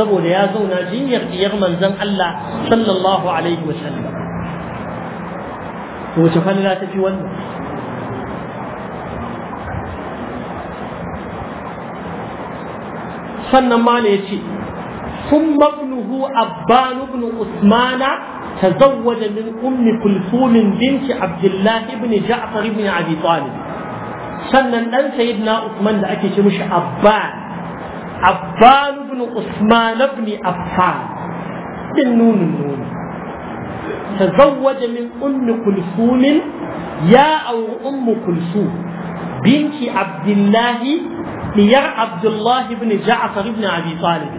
saboda ya zauna jinyar diyar manzon Allah sallallahu alaihi wa sallam wace falala ta fi wannan sannan ma ne ya ce sun ابنه Abban بن Usman تزوج من أم كلثوم بنت عبد الله بن جعفر بن أبي طالب sannan ɗan sayyidina Usman da ake ce mishi abba abbanu bin Usman bin Affan din nunun nunu tazawwaja min ummi kulsum ya aw ummu kulsum binti Abdullah diyar Abdullah ibn Ja'far ibn Abi Talib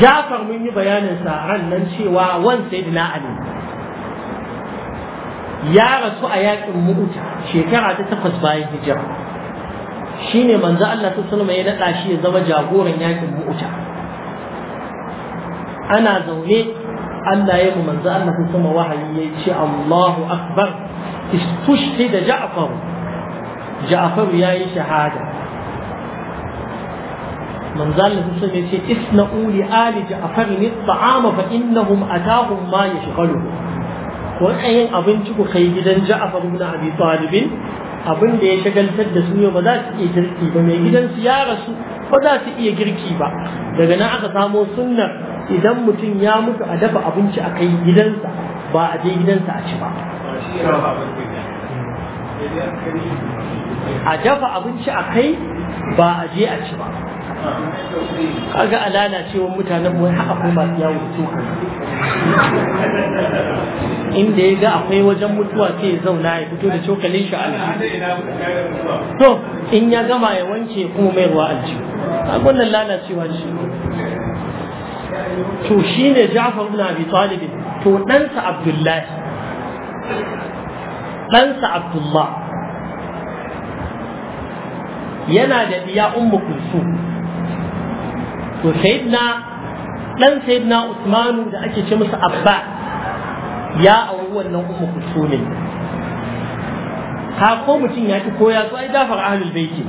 Ja'far mun yi bayanin sa ran nan cewa wan sayyidina Ali يا رسول الله يقول موتا شكرا تتفز باي هجرة شيني من ذا الله تسلم إلى العشي زوجة أقول إن يقول موتا أنا زولي أن لا يقول من ذا الله تسلم وحي يجي الله أكبر استشهد جعفر جعفر يا شهادة من ذا الله تسلم يجي اسنعوا لآل جعفر الطعام فإنهم أتاهم ما يشغلهم wa'ayin abinci ku kai gidan Ja'far ibn Abi Talib abin da ya shagaltar da su yau ba za su iya girki ba mai gidansu ya rasu ba za su iya girki ba daga nan aka samo sunnar idan mutum ya mutu a dafa abinci a kai gidansa ba a je gidansa a ci ba a dafa abinci a kai ba a je a ci ba kaga a lalacewar mutanen mu haka akwai masu yawo tuka inda ya ga akwai wajen mutuwa sai ya zauna ya fito da cokalin shi to in ya gama ya wanke kuma mai ruwa alji a wannan lalacewa ce to shi ne Ja'far ibn Abi Talib to ɗansa Abdullahi ɗansa Abdullah yana da iya ummu kulsum to sayyidina dan usmanu da ake ce musu abba ya auri wannan ummu kulsumin ka ko mutum ya ci koya su ai dafar ahlul baiti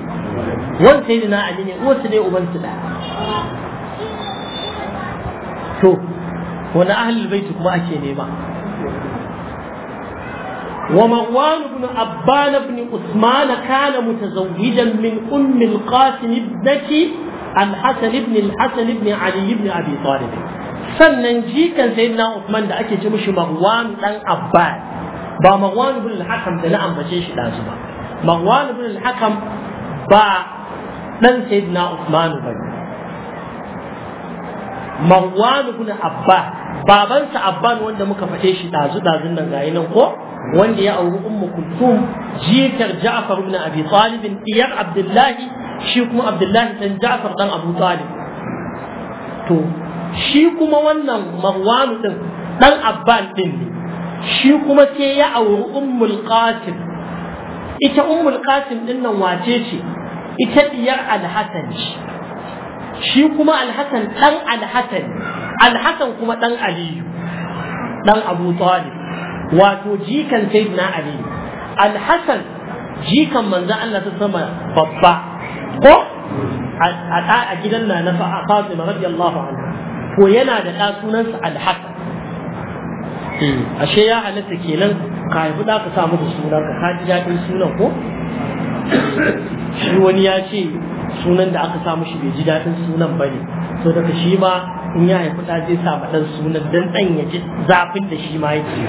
wan na ali ne uwarsa ne uban su da to wani ahlul baiti kuma ake nema ومروان بن عبان بن عثمان كان متزوجا من أم القاسم ابنة Alhassan ibn al ibn ali ibn abi talib sannan jikan na usman da ake ce mishi marwan dan abbas ba marwan ibn al da na ambace shi dan su ba marwan ibn al ba dan sayyidina usman bane Marwan kuna Abba babansa Abban wanda muka faɗe shi dazu dazun nan gayi nan ko wanda ya auri Ummu Kulthum jikar Ja'far ibn Abi Talib iyar Abdullahi, shi kuma Abdullah dan Ja'far dan Abu Talib to shi kuma wannan Marwan din dan Abban din ne shi kuma sai ya auri Ummul Qasim ita Ummul Qasim din nan wace ce ita diyar Al-Hasan ce shi kuma alhassan ɗan alhassan alhassan kuma ɗan aliyu ɗan abu talib wato jikan sai na Aliyu. alhassan jikan manzo Allah ta sama babba ko a gidan na na Fatima radiyallahu anha Ko yana da ɗa sunansa alhassan hmm. ashe ya halatta kenan ka haifi ɗa ka sa musu sunan ka ji daɗin sunan ko shi wani ya ce sunan da aka samu shi bai ji daɗin sunan bane so daga shi ma in ya haifi ɗa zai sa ɗan sunan dan ɗan ya ji zafin da shi ma yake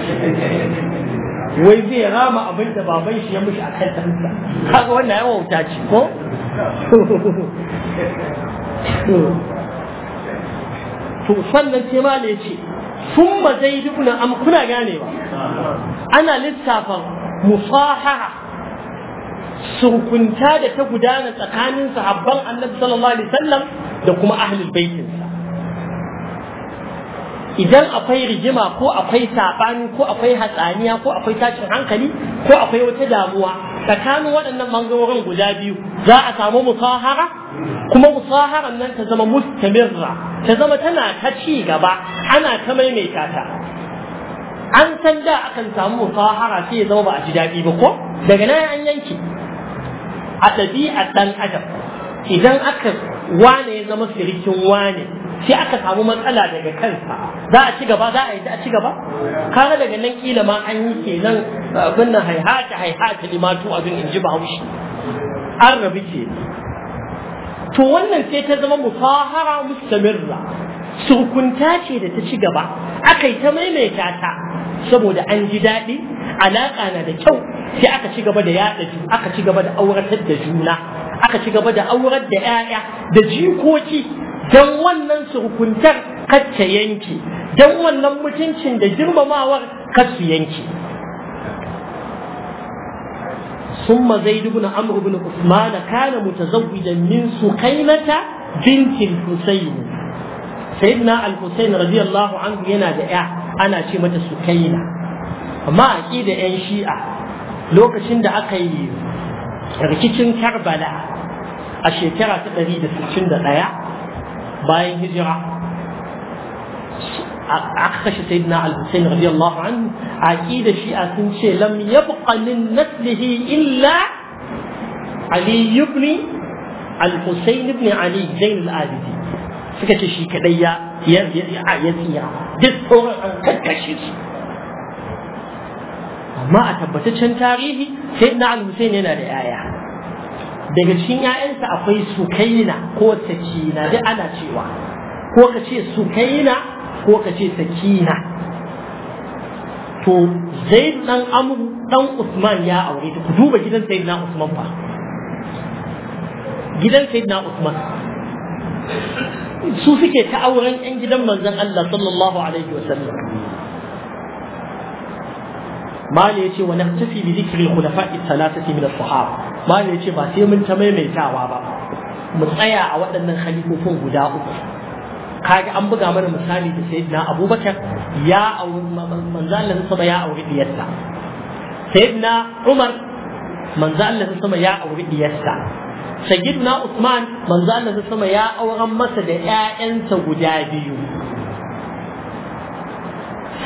wai zai rama abin da baban shi ya mishi a kan ɗansa kaga wannan ya wauta ce ko to sannan sai ma ya ce sun ba zai duk nan kuna ganewa ana lissafa musahara Sunkunta da ta gudana tsakanin sahabban annabi sallallahu alaihi wasallam da kuma ahlul baitin idan akwai rigima ko akwai sabani ko akwai hatsaniya ko akwai tashin hankali ko akwai wata damuwa tsakanin waɗannan bangarorin guda biyu za a samu musahara kuma musaharan nan ta zama mustamirra ta zama tana ta ci gaba ana ta maimaita ta an san da akan samu musahara sai ya zama ba a ji daɗi ba ko daga nan an yanke a ɗabi'ar ɗan adam idan aka wane ya zama sirikin wane sai aka samu matsala daga kansa za a ci gaba za a yi a ci gaba kare daga nan kila ma an yi ke nan, abin nan haihata haihata limatu abin in ji bahaushe an rabu ke to wannan sai ta zama musahara mustamirra surkunta ce da ta ci gaba aka yi ta maimaita ta saboda an ji daɗi alaƙa na da kyau sai aka ci gaba da yaɗa aka ci gaba da auratar da juna aka ci gaba da aurar da 'ya'ya da jikoki don wannan surkuntar kacce yanki don wannan mutuncin da girmamawar kasu yanki ثم زيد بن عمرو بن عثمان كان متزوجا من سكينة بنت الحسين sayyidina al-husayn radiyallahu anhu yana da ya ana ce mata sukaina amma da yan shi'a lokacin da aka yi rikicin karbala a shekara ta 161 bayan hijira aka kashe sayyidina al-husayn radiyallahu anhu da shi'a sun ce lam yabqa min naslihi illa علي بن الحسين بن علي زين العابدين suka ce shi kadai ya ya tsira duk sauran an kakkashe su amma a tabbataccen tarihi sai na al-Hussein yana da yaya daga cikin 'ya'yansa akwai sukaina ko sakina duk ana cewa ko ka ce sukaina ko ka ce sakina to zaid dan amru dan usman ya aure ta ku duba gidan sayyid na usman fa gidan sayyid na usman su suke ta auren ƴan gidan manzon Allah sallallahu alaihi wasallam mali yace wa naktafi bi dhikri khulafa'i thalathati min as-sahaba mali ce ba sai mun ta maimaitawa ba mu tsaya a waɗannan khalifofin guda uku kaga an buga mana misali da sayyidina abubakar ya auri manzo Allah sama ya auri diyarsa sayyidina umar manzo Allah sama ya auri diyarsa sayyidina Usman manzo Allah sama ya auren masa da ƴaƴansa guda biyu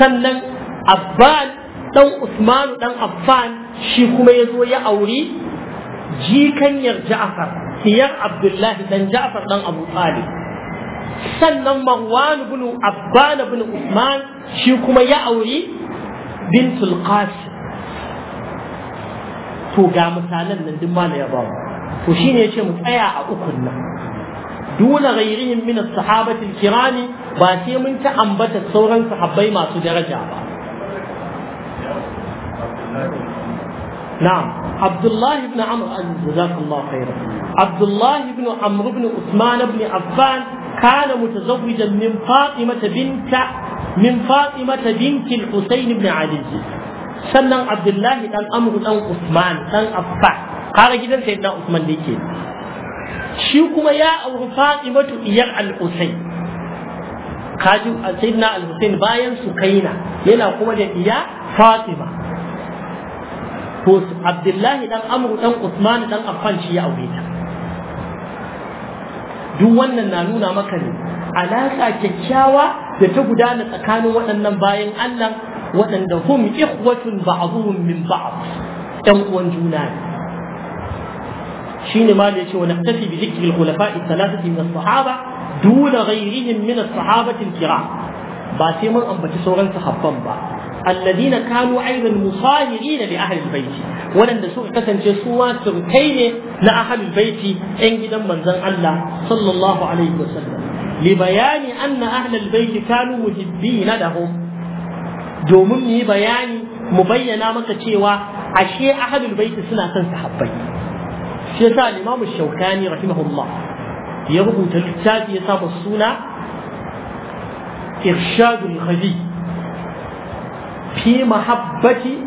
sannan Abban dan Usman dan Affan shi kuma ya zo ya auri jikanyar Ja'far siyar Abdullahi dan Ja'far dan Abu Talib sannan Marwan ibn Abban ibn Usman shi kuma ya auri bintul Qasim to ga misalan nan duk ma ya bawa to shine yace mu tsaya a ukun nan duna ghairihim min as-sahabati al-kirami ba sai mun ta ambata sauran sahabbai masu daraja ba na'am Abdullahi ibn Amr jazakallahu khairan Abdullah ibn Amr ibn Uthman ibn Affan kana mutazawwijan min Fatima binta min Fatima binti al-Husayn ibn Ali sannan Abdullah dan Amr dan Uthman dan Affan kaga gidan na Usman ne ke shi kuma ya auri Fatimatu iyar al-Husayn kaji sayyidina al-Husayn bayan su kaina yana kuma da iya Fatima to Abdullahi dan Amr dan Usman dan Affan shi ya aure ta duk wannan na nuna maka ne alaƙa kyakkyawa da ta gudana tsakanin waɗannan bayan Allah waɗanda hum ikhwatun ba'dhum min ba'd ɗan uwan juna ne shine ma da yace wa naktafi bi dhikri al-khulafa'i thalathati min ba sai mun ambaci sauran sahabban ba alladina kanu aidan musahiri li ahli al-bayt wadanda suka kasance su ma ne na ahli Yan gidan manzon Allah sallallahu alaihi wasallam li bayani anna ahli al-bayt kanu muhibbin lahum domin mu bayani mu bayyana maka cewa ashe ahlul baiti suna son sahabbai shi yasa al-Imam Shawkani rahimahullah ya rubuta littafi ya saba suna Irshadul Ghali fi mahabbati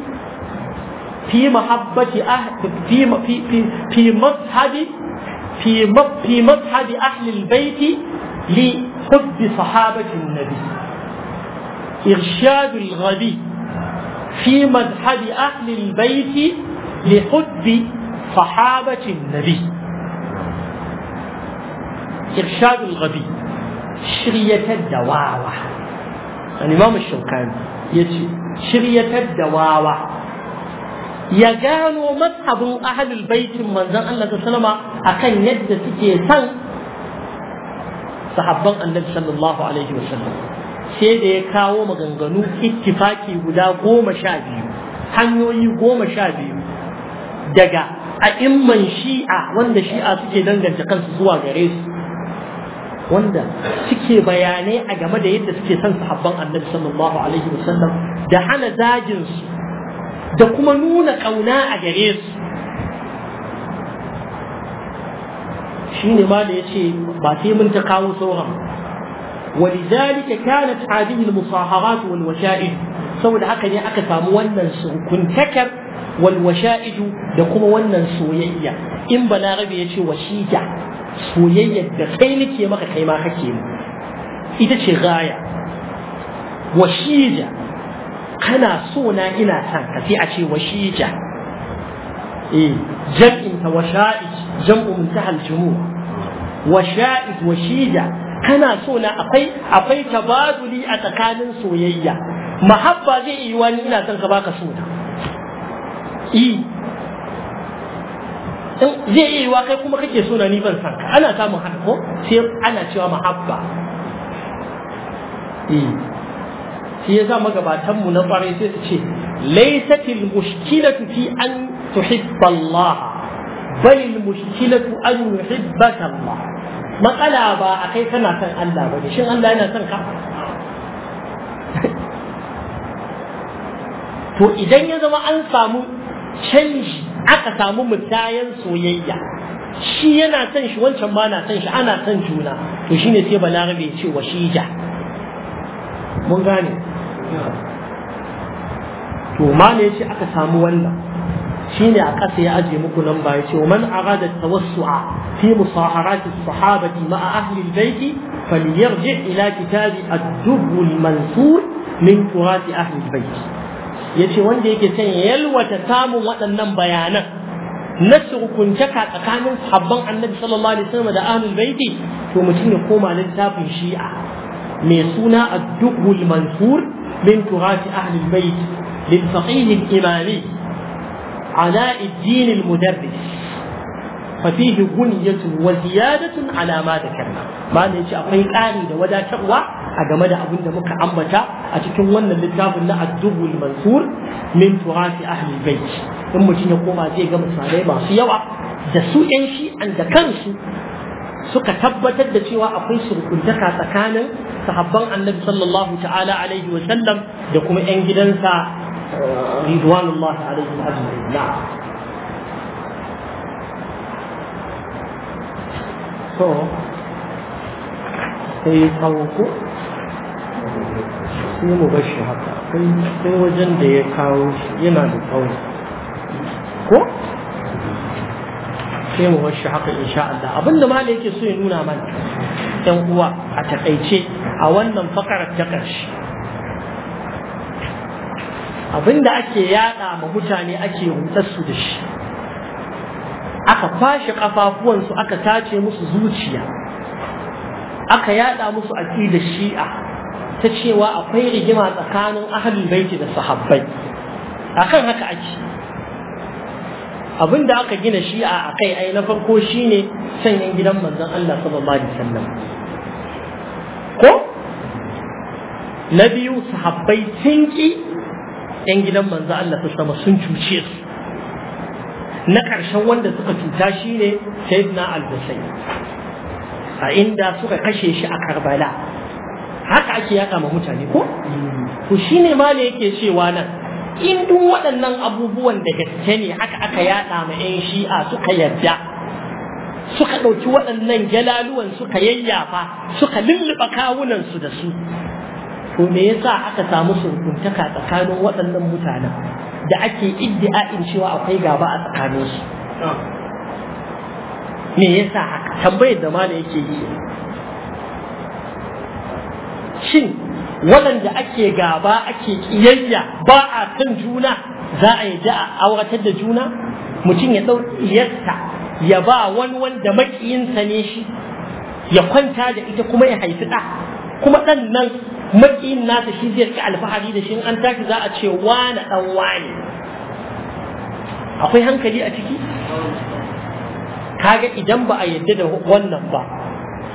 في محبة أهل في في في في مذهب في في مذهب أهل البيت لحب صحابة النبي إرشاد الغبي في مذهب أهل البيت لحب صحابة النبي إرشاد الغبي شرية الدواوة يعني ما مش كان يجي شرية الدواوة يجانو مذهب أهل البيت من ذن الله صلى الله sallallahu alaihi wa sallam sai da ya kawo maganganu ittifaki guda goma sha biyu hanyoyi goma sha biyu daga a imman shi'a wanda shi'a suke danganta kansu zuwa gare su wanda suke bayanai a game da yadda suke son sahabban annabi sallallahu alaihi wasallam da hana zagin su da kuma nuna kauna a gare su shine ma da yace ba sai mun ta kawo sauran ولذلك كانت هذه المصاهرات والوشائج saboda haka ne aka samu wannan sukuntakar والوشائج da kuma wannan soyayya in balarabe ya ce washija soyayya da kai nake maka kai ma kake mu ita ce gaya washija kana so na ina san ka sai a ce washija eh jam'in ta washa'ij jam'u muntahal jumu' washa'ij washija kana so na akwai akwai tabaduli a tsakanin soyayya mahabba zai yi wani ina san ka baka so na E. i zai iya yiwa kai kuma kake suna na ni ban san ana samun haka sai ana cewa mahabba e. shi ya sa magabatan mu na kwarai sai su ce laysatil mushkilatu fi an tuhibba Allah bal mushkilatu an yuhibbaka Allah matsala ba a kai kana son Allah ba shin Allah yana son ka to idan ya zama an samu canji aka samu mutayen soyayya shi yana san shi wancan ba na san shi ana san juna to shine sai balarabe ce wa shija mun gane to ma ne ce aka samu wannan shine a ƙasa ya aje muku nan ba ya ce man arada tawassu'a fi musaharat sahabati ma'a ahli al-bayt falyarji' ila kitabi ad dubul mansur min turat ahli al ya ce wanda yake son yalwata samun waɗannan bayanan na surkuntaka tsakanin habban annabi sallallahu alaihi wasallam da ahlul baiti to mutum ya koma littafin shi'a mai suna ad mansur min turati ahlul bait lil faqih al-imami ala ad-din al-mudarris fa fihi bunyatun wa ziyadatun ala ma ba ne ce akwai ƙari da wadatarwa a game da abin da muka ambata a cikin wannan littafin na addubul mansur min turasi ahli bait in mutum ya koma zai ga misalai masu yawa da su yan shi'an da kansu suka tabbatar da cewa akwai surkuntaka tsakanin sahabban annabi sallallahu ta'ala alaihi wa sallam da kuma yan gidansa uh, ridwanullahi alaihi wa sallam so sai mu bar shi haka akwai wajen da ya kawo shi yana da kawai ko sai mu bar shi haka insha Allah abinda malai yake so ya nuna mana ɗan uwa a takaice a wannan fakarar ta ƙarshe abinda ake yada ma mutane ake rutsar su da shi aka kwashe kafafuwansu aka tace musu zuciya aka yada musu aqidar shi'a ta cewa akwai rigima tsakanin ahalin baiti da sahabbai kan haka ake abin da aka gina shi'a a kai ai na farko shine sanyan gidan manzon Allah sallallahu alaihi wasallam ko na biyu sahabbai sun ki yan gidan manzon Allah sallallahu alaihi sun cuce su na ƙarshen wanda suka cuta shine sayyidina al-husayn a inda suka kashe shi a Karbala haka ake yaɗa ma mutane ko to shine ma ne yake cewa nan in duk waɗannan abubuwan da gaske ne haka aka yaɗa ma 'yan shi'a suka yarda suka ɗauki waɗannan jalaluwan suka yayyafa suka lulluɓa kawunansu da su to me yasa aka samu surkuntaka tsakanin waɗannan mutanen da ake iddi'a'in cewa akwai gaba a tsakaninsu me yasa haka tambayar da ma yake yi shin waɗanda ake gaba ake ƙiyayya ba a kan juna za a yi a auratar da juna mutum ya ɗau iyarsa ya ba wani wanda maƙiyinsa ne shi ya kwanta da ita kuma ya haifi ɗa kuma ɗan nan maƙiyin nasa shi zai rika alfahari da shi an tashi za a ce wani ɗan wani akwai hankali a ciki kaga idan ba a yadda da wannan ba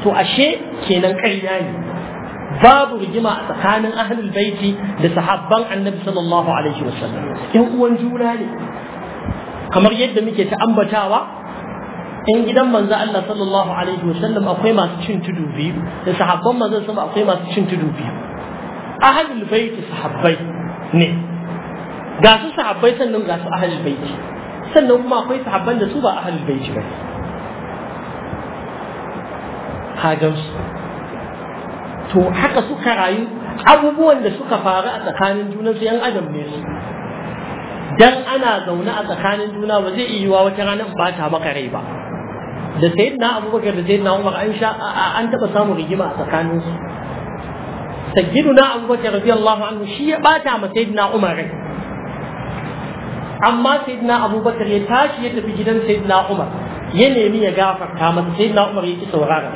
to ashe kenan ƙarya ne babu rigima a tsakanin ahlul baiti da sahabban annabi sallallahu alaihi wasallam yan uwan juna ne kamar yadda muke ta ambatawa yan gidan manzo Allah sallallahu alaihi wasallam akwai masu cin tudu biyu da sahabban manzo sallallahu akwai masu cin tudu biyu ahlul baiti sahabbai ne ga su sahabbai sannan ga su ahlul baiti sannan kuma akwai sahabban da su ba ahlul baiti ba Ha gansu to haka suka rayu abubuwan da suka faru a tsakanin su yan adam ne su dan ana zaune a tsakanin juna ba zai iya wata ranar ba ta maka rai ba da sayyidina abubakar da sayyidina umar an sha an taba samun rigima a tsakanin su sayyiduna abubakar radiyallahu anhu shi ya bata ma sayyidina umar rai amma sayyidina abubakar ya tashi ya tafi gidan sayyidina umar ya nemi ya gafarta masa sayyidina umar ya ki saurara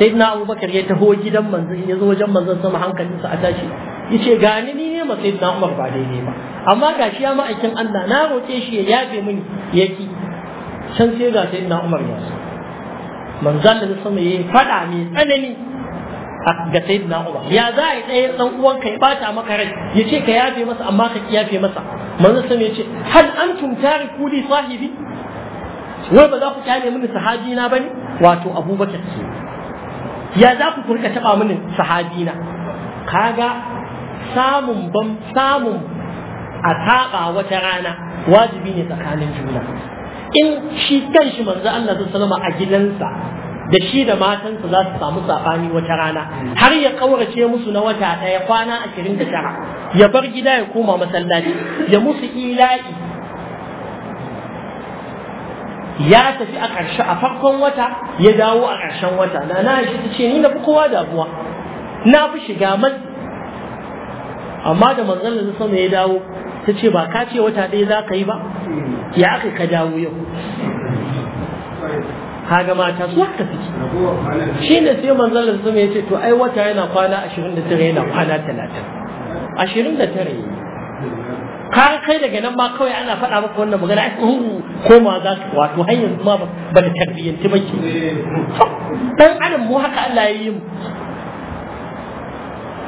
sai na abubakar ya taho gidan manzon ya zo wajen manzon sama hankalinsa a tashi ya ce gani ni ne masai na umar ba daidai ba amma ga shi ya ma'aikin allah na roƙe shi ya yafe min ya ki can sai ga sai na umar ya so manzon da sama ya faɗa mai tsanani ga sai na umar ya za a yi ɗaya ɗan uwanka ya ɓata maka rai ya ce ka yafe masa amma ka ki yafe masa manzon sama ya ce hal antum tariku li sahibi wai ba za ku kyale mini sahabi na bane wato abubakar ce. ya za ku kurka taba mini sahabina kaga samun ban samun a taba wata rana wajibi ne tsakanin juna in shi kan shi manzo Allah sallallahu alaihi a gidansa da shi da matansa za su samu sabani wata rana har ya kaurace musu na wata ɗaya kwana ashirin da tara ya bar gida ya koma masallaci ya musu ila'i ya tafi a ƙarshe a farkon wata ya dawo a ƙarshen wata na na shi ta ce ni na fi kowa damuwa na fi shiga man. amma da su sama ya dawo ta ce ba ka ce wata ɗaya za ka yi ba ya aka ka dawo yau kaga mata su haka suke shi ne sai manzon su sama ya ce to ai wata yana kwana 29 yana kwana 30 29 ka kai daga nan ma kawai ana faɗa maka wannan magana ai ko ma za ka wato har yanzu ma ba da tarbiyyanci ba ke dan adam mu haka Allah ya yi mu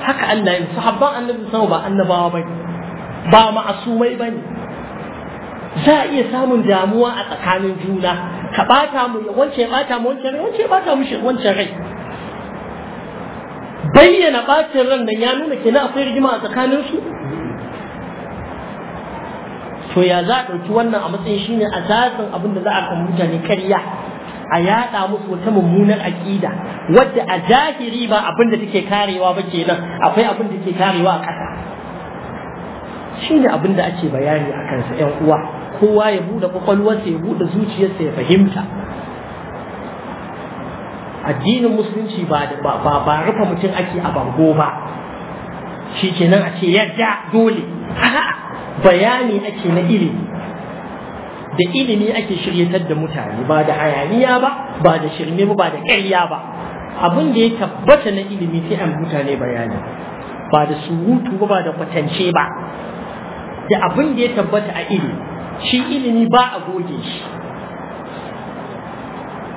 haka Allah ya yi sahabban annabi sama ba annabawa ba ba ma'asumai ba ne za a iya samun damuwa a tsakanin juna ka bata mu wancan bata mu wancan rai wancan bata mu wancan rai bayyana bacin ran nan ya nuna kenan akwai rigima a tsakanin su to ya za a ɗauki wannan a matsayin shi ne a abin da za a kan mutane karya a yaɗa musu wata mummunar aƙida wadda a jahiri ba abin take karewa ba ke nan akwai abin da karewa a ƙasa shi abin da ake bayani a kansa 'yan uwa kowa ya buɗe kwakwalwarsa ya buɗe zuciyarsa ya fahimta addinin musulunci ba ba ba rufe mutum ake a bango ba shi kenan a ce yadda dole bayani ake na ilimi da ilimi ake shiryatar da mutane ba da hayaniya ba ba da shirme ba da ƙarya ba abin da ya tabbata na ilimi sai an mutane bayani ba da surutu ba da kwatance ba da abin da ya tabbata a ilimi shi ilimi ba a goge shi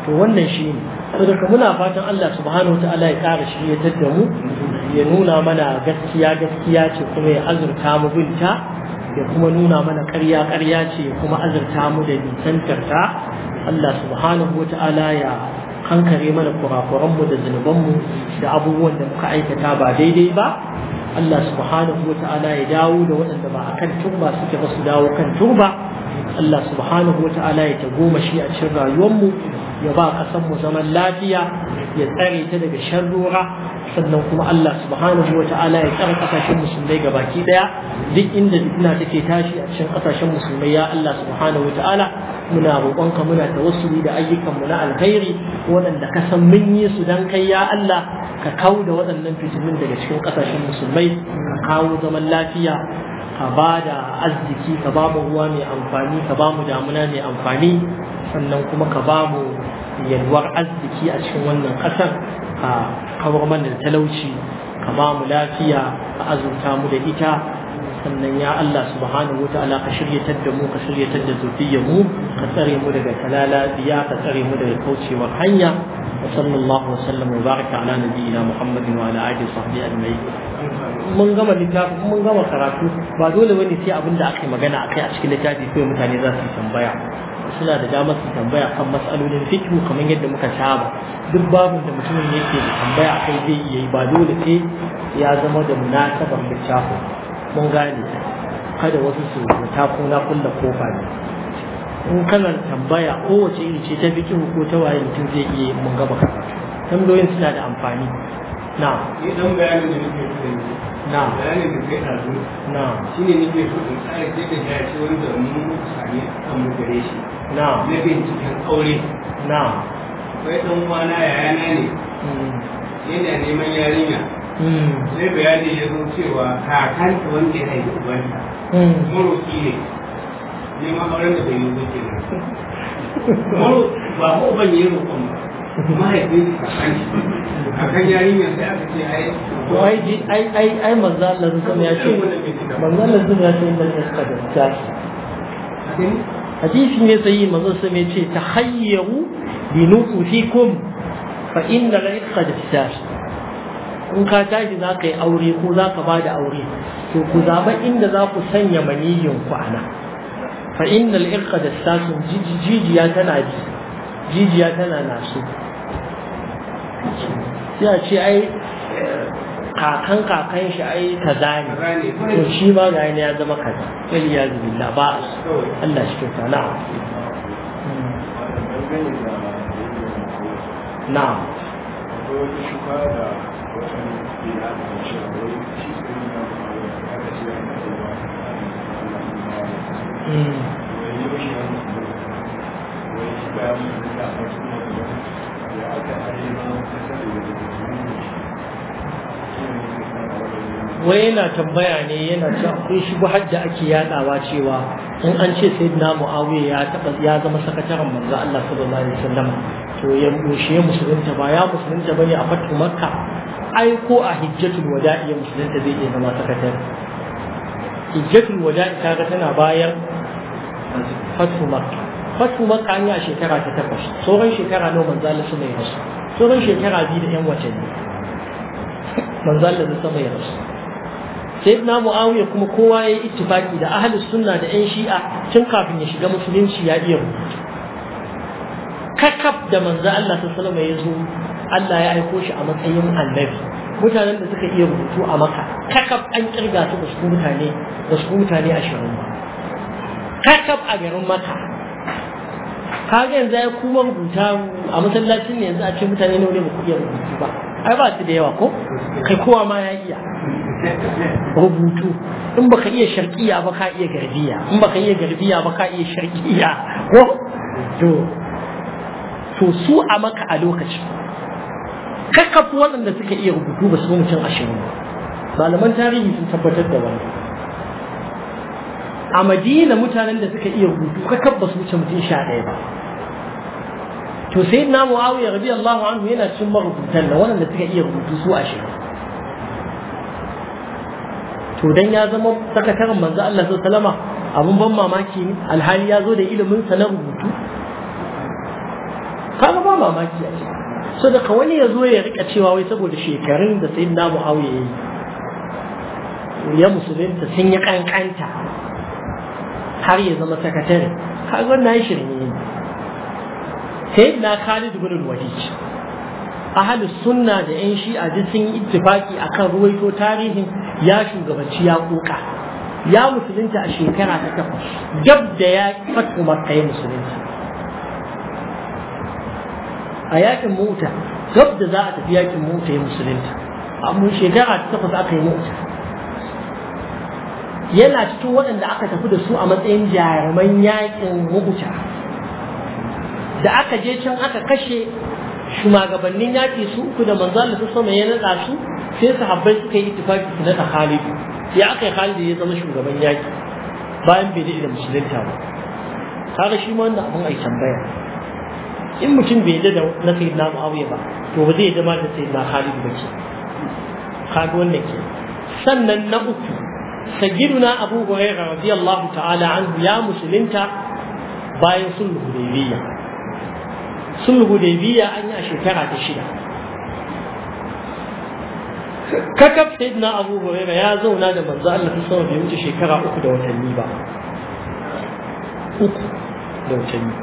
to wannan shi ne saboda muna fatan Allah subhanahu wa ta'ala ya kara shiryatar da mu ya nuna mana gaskiya gaskiya ce kuma ya azurta mu binta ya kuma nuna mana karya, karya ce ya kuma azurta mu da nisantar Allah subhanahu wata'ala ya kankare mana kurakuran mu da mu da abubuwan da muka aikata ba daidai ba Allah subhanahu wata'ala ya dawo da waɗanda ba a kan turba suke ba su dawo kan turba Allah subhanahu wata'ala ya ta goma shi a cikin mu ya ba mu zaman lafiya ya tsare ta daga sharrura sannan kuma Allah subhanahu wa ta'ala ya tsara kasashen musulmai ga baki daya duk inda fitina take tashi a cikin kasashen musulmai ya Allah subhanahu wa ta'ala muna roƙonka muna tawassuli da ayyukan mu na alkhairi waɗanda ka san mun yi su dan kai ya Allah ka kau da waɗannan fitilun daga cikin kasashen musulmai ka kawo zaman lafiya ka ba da arziki ka ba mu ruwa mai amfani ka ba mu damuna mai amfani sannan kuma ka ba mu yalwar arziki a cikin wannan ƙasar ka kawar mana da talauci ka ba mu lafiya ka azurta mu da ita sannan ya Allah subhanahu wa ka shiryatar da mu ka shiryatar da zuriyar mu ka tsare mu daga kalala biya ka tsare mu daga kaucewar hanya wa sallallahu wa sallam wa baraka ala nabiyyina muhammadin wa ala alihi sahbihi ajma'in mun gama littafi mun gama karatu ba dole wani sai abinda aka yi magana akai a cikin littafi sai mutane za su tambaya suna da damar su tambaya kan matsalolin fikihu kamar yadda muka saba duk babin da mutumin yake da tambaya kai zai iya yi ba dole sai ya zama da munasabar littafin mun gane kada wasu su ta kuna kulla kofa ne in kana tambaya kowace iri ce ta fikihu ko ta waye mutum zai iya mun gaba karatu tambayoyin suna da amfani na ni dan bayanin da nake so ne na bayanin da kai dazu na shine nake so in tsare ce da ya ce wani da mu mutane kan mu gare shi na na binciken aure na hmm. hmm. wai hmm. ne neman yarinya ya kakanta ne da yi ba ko ban yi mahaifinsa a kan yarinya sai aka ce ai to ai ai manzo Allah sun ya ce manzo Allah sun ya ce inda suka gaskiya hadisi ne sai manzo sun ya ce tahayyaru bi nufusikum fa inna la iqadisar in ka tashi za ka yi aure ko za ka ba da aure to ku zaɓa inda za ku sanya maniyin ku ana fa inna al-iqadisar jijiya tana ji jijiya tana nasu sai ce ai kakan kakan shi ai kaza ne to shi ma ga ya zama kaza wani ya zubi la ba Allah shi kyauta na na Mm. Hmm. wai yana tambaya ne yana cewa akwai shubuhar da ake yadawa cewa in an ce sayyidina muawiya ya ya zama sakataren manzo Allah sallallahu alaihi wasallam to ya mushe musulunta ba ya musulunta bane a fatu makka ai ko a hijjatul wada'i musulunta zai iya zama sakatare hijjatul wada'i ga tana bayan fatu makka fatu maka an a shekara ta takwas tsohon shekara nawa manzala su mai rasu tsohon shekara biyu da yan watanni manzala Allah sama ya rasu Sai na muawiya kuma kowa yi ittifaki da ahalus sunna da yan shi'a tun kafin ya shiga musulunci ya iya rubutu kakaf da manza Allah ta salama ya zo Allah ya aiko shi a matsayin annabi mutanen da suka iya rubutu a maka kakaf an kirga su da su mutane da su mutane ashirin ba kakaf a garin maka kaga yanzu ya kuma rubuta a masallacin ne yanzu a ce mutane ne ba ku iya rubutu ba ai ba su da yawa ko kai kowa ma ya iya rubutu in baka iya sharqiya ba ka iya garbiya in baka iya garbiya ba ka iya sharqiya ko to to su a maka a lokacin kakkafu waɗanda suka iya rubutu ba su mutum ashirin ba malaman tarihi sun tabbatar da wani a madina mutanen da suka iya gudu ka tabbas wuce mutum sha ɗaya ba to sai na muawiya rabi Allahu anhu yana cikin marubutan da waɗanda suka iya rubutu su a ashirin to dan ya zama sakataren manzo Allah sallallahu alaihi wasallama abun ban mamaki ne alhali ya zo da ilimin sa na rubutu kaga ba mamaki a ciki so daga wani ya zo ya rika cewa wai saboda shekarun da sayyidina Muawiya ya yi ya musulunta sun yi kankanta har ya zama sakatare kaga wannan shirme ne sai na Khalid gudun Walid ahalus sunna da yan shi a sun yi a kan ruwaito tarihin ya shugabanci ya koka ya musulunta a shekara ta takwas gab da ya fatu makka ya musulunta a yakin mota gab da za a tafi yakin mota ya musulunta mun shekara ta takwas aka yi mota yana cikin waɗanda aka tafi da su a matsayin jaruman yakin muguta da aka je can aka kashe shugabannin yaƙi su uku da da su sama ya naɗa su sai su Habbai suka yi ittifaki su naɗa Khalid sai aka yi Khalid ya zama shugaban yaƙi bayan bai da musulunta ba kaga shi ma wanda abin ai tambaya in mutum bai da na sayyidina Muawiya ba to ba zai zama da sayyidina Khalid ba ke kaga wannan ke sannan na uku sayyiduna abu hurairah radiyallahu ta'ala anhu ya musulunta bayan sulhu hudaybiyya sulhu hudaybiyya an yi a shekara ta shida kakaf sayyiduna abu hurairah ya zauna da manzo Allah ta sama bai wuce shekara uku da watanni ba uku da watanni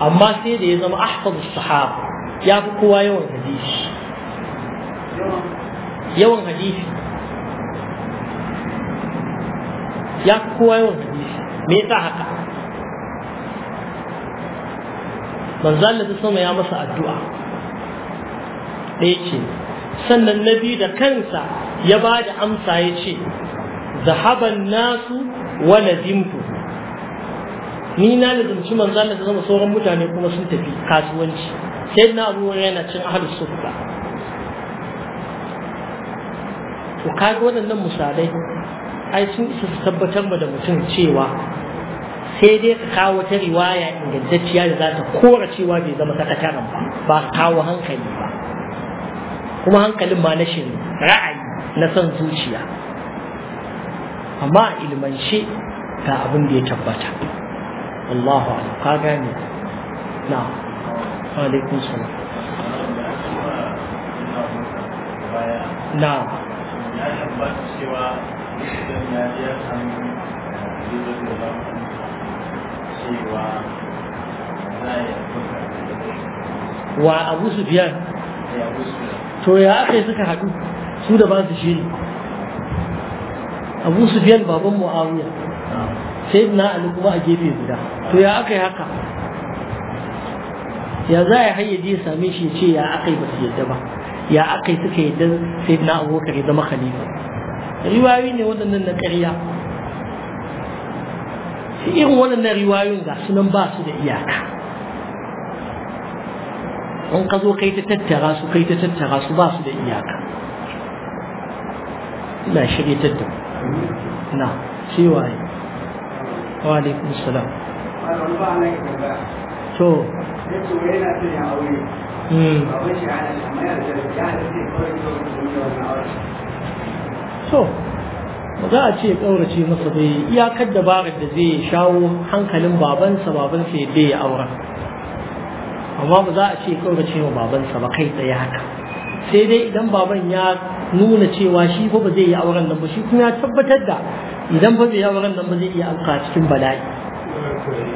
amma sai da ya zama ahfazus sahaba ya fi kowa yawan hadisi yawan hadisi ya kowa yawan hadisi me yasa haka manzo Allah ta sama ya masa addu'a ɗaya ce sannan na biyu da kansa ya ba da amsa ya ce zahaban nasu wa lazimtu ni na lazimci manzo Allah ta sama sauran mutane kuma sun tafi kasuwanci sai na abu yana cin ahlus sufa to kaga waɗannan misalai ai sun isa su tabbatar da mutum cewa sai dai ka kawo wata riwaya ingantacciya da za ta kora cewa bai zama sakataren ba ba kawo hankali ba kuma hankalin ma na shirin ra'ayi na son zuciya amma ilmance ga abin da ya tabbata Allahu ka gane na alaikum salam na ya tabbata cewa wa abu biya to ya aka yi suka haɗu su da ba su shiri abu sufiyan baban mu'awiya sai na ali kuma a gefe guda to ya aka yi haka ya za yi hayyaje ya same shi ce ya aka yi ba su yadda ba ya aka yi suka yadda sai na abokar ya zama khalifa riwayoyi ne waɗannan na ƙarya shi irin waɗannan riwayoyin ga su nan ba su da iyaka in ka zo kai ta tattara su kai ta tattara su ba su da iyaka ina shirye tattara na cewa ne wa alaikun salam to Mm. so ba za a ce ƙaurace masa bai iyakar dabarar da zai shawo hankalin babansa babansa ya bai ya aura amma ba za a ce ƙaurace wa babansa ba kai tsaye haka sai dai idan baban ya nuna cewa shi fa ba zai yi auren nan ba shi kuma ya tabbatar da idan ba zai yi auren nan ba zai iya alka cikin bala'i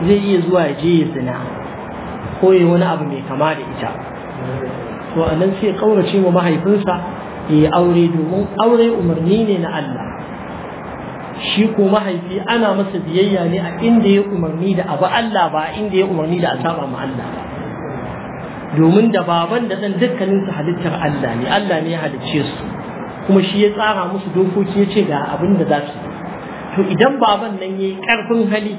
zai iya zuwa ya je ya zina ko ya wani abu mai kama da ita to anan sai ƙaurace wa mahaifinsa yi eh, aure domin aure umarni ne na Allah shi ko mahaifi ana masa biyayya ne a inda ya umarni da abu Allah ba inda ya umarni da a saba ma Allah domin da baban da ɗan dukkanin su halittar Allah ne Allah ne ya halicce su kuma shi ya tsara musu dokoki ya ce ga abin da za su to idan baban nan ya yi ƙarfin hali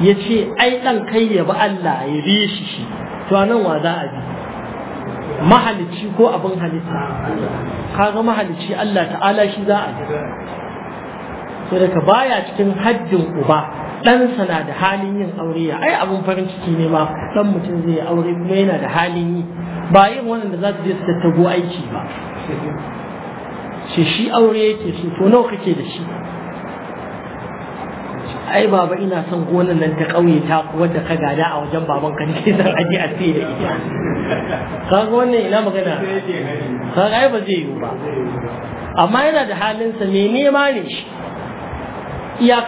ya ce ai ɗan kai ya bi Allah ya bi shi shi to nan wa za a bi mahalici ko abin halitta kaga mahalici, Allah ta'ala shi za a so daga baya cikin haddin uba ɗansa na da halin yin aure ya ai abin farin ciki ne ma ɗan mutum zai yi aure kuma yana da halin yi ba yin wannan da za su je su tattago aiki ba shi shi aure yake so to nawa kake da shi ai baba ina son gonan nan ta kauye ta wadda ka gada a wajen baban ka ne zan aje a sai da ita kaga wannan ina magana kaga ai ba zai yiwu ba amma yana da halin sa me nema ne shi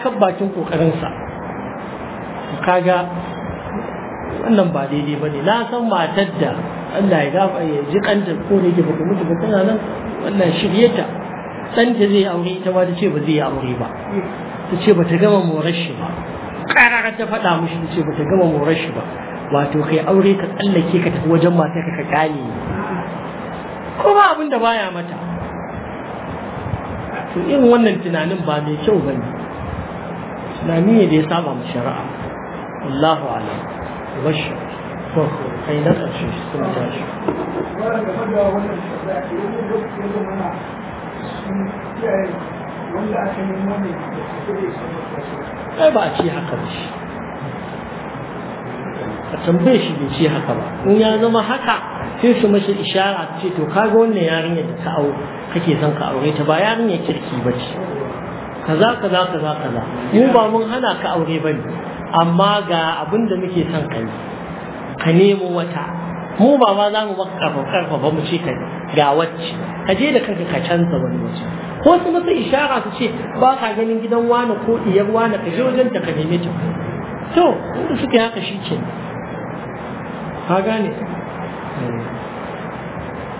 kan bakin kokarin sa kaga wannan ba daidai bane na san matar da Allah ya gafa ya ji kanta ko ne ke ba mutu ba tana nan wannan shirye ta dan ta zai aure ita ma ta ce ba zai aure ba ta ce ba ta gama morar shi ba ƙarar ta faɗa mushi ta ce ba ta gama morar shi ba wato kai aure ka tsallake ka tafi wajen mata ka ka kane kuma abin da baya mata to wannan tunanin ba mai kyau ba ne tunani ne da ya saba mu shari'a Allahu alam kai na ƙarshe sun ai ba a ce haka ba shi tambaye shi bai ci haka ba in ya zama haka sai su mashi ishara ce to kaga wannan yarinyar da ta aure kake son ka aure ta ba yarinyar kirki ba ce kaza kaza kaza kaza mu ba mun hana ka aure ba ne amma ga abin da muke son kai yi ka nemo wata mu ba ma za mu baka karfafa mu ce ka ga wacce ka je da kanka ka canza wani wajen ko su masa ishara su ce ba ka ganin gidan wani ko diyar wani ka je wajen ta ka neme ta to inda suka haka shi ke ka gane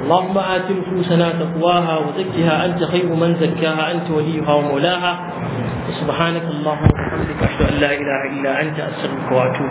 اللهم آت نفوسنا تقواها وزكها أنت خير من زكاها أنت وليها ومولاها سبحانك اللهم وبحمدك أشهد أن لا إله إلا أنت أستغفرك وأتوب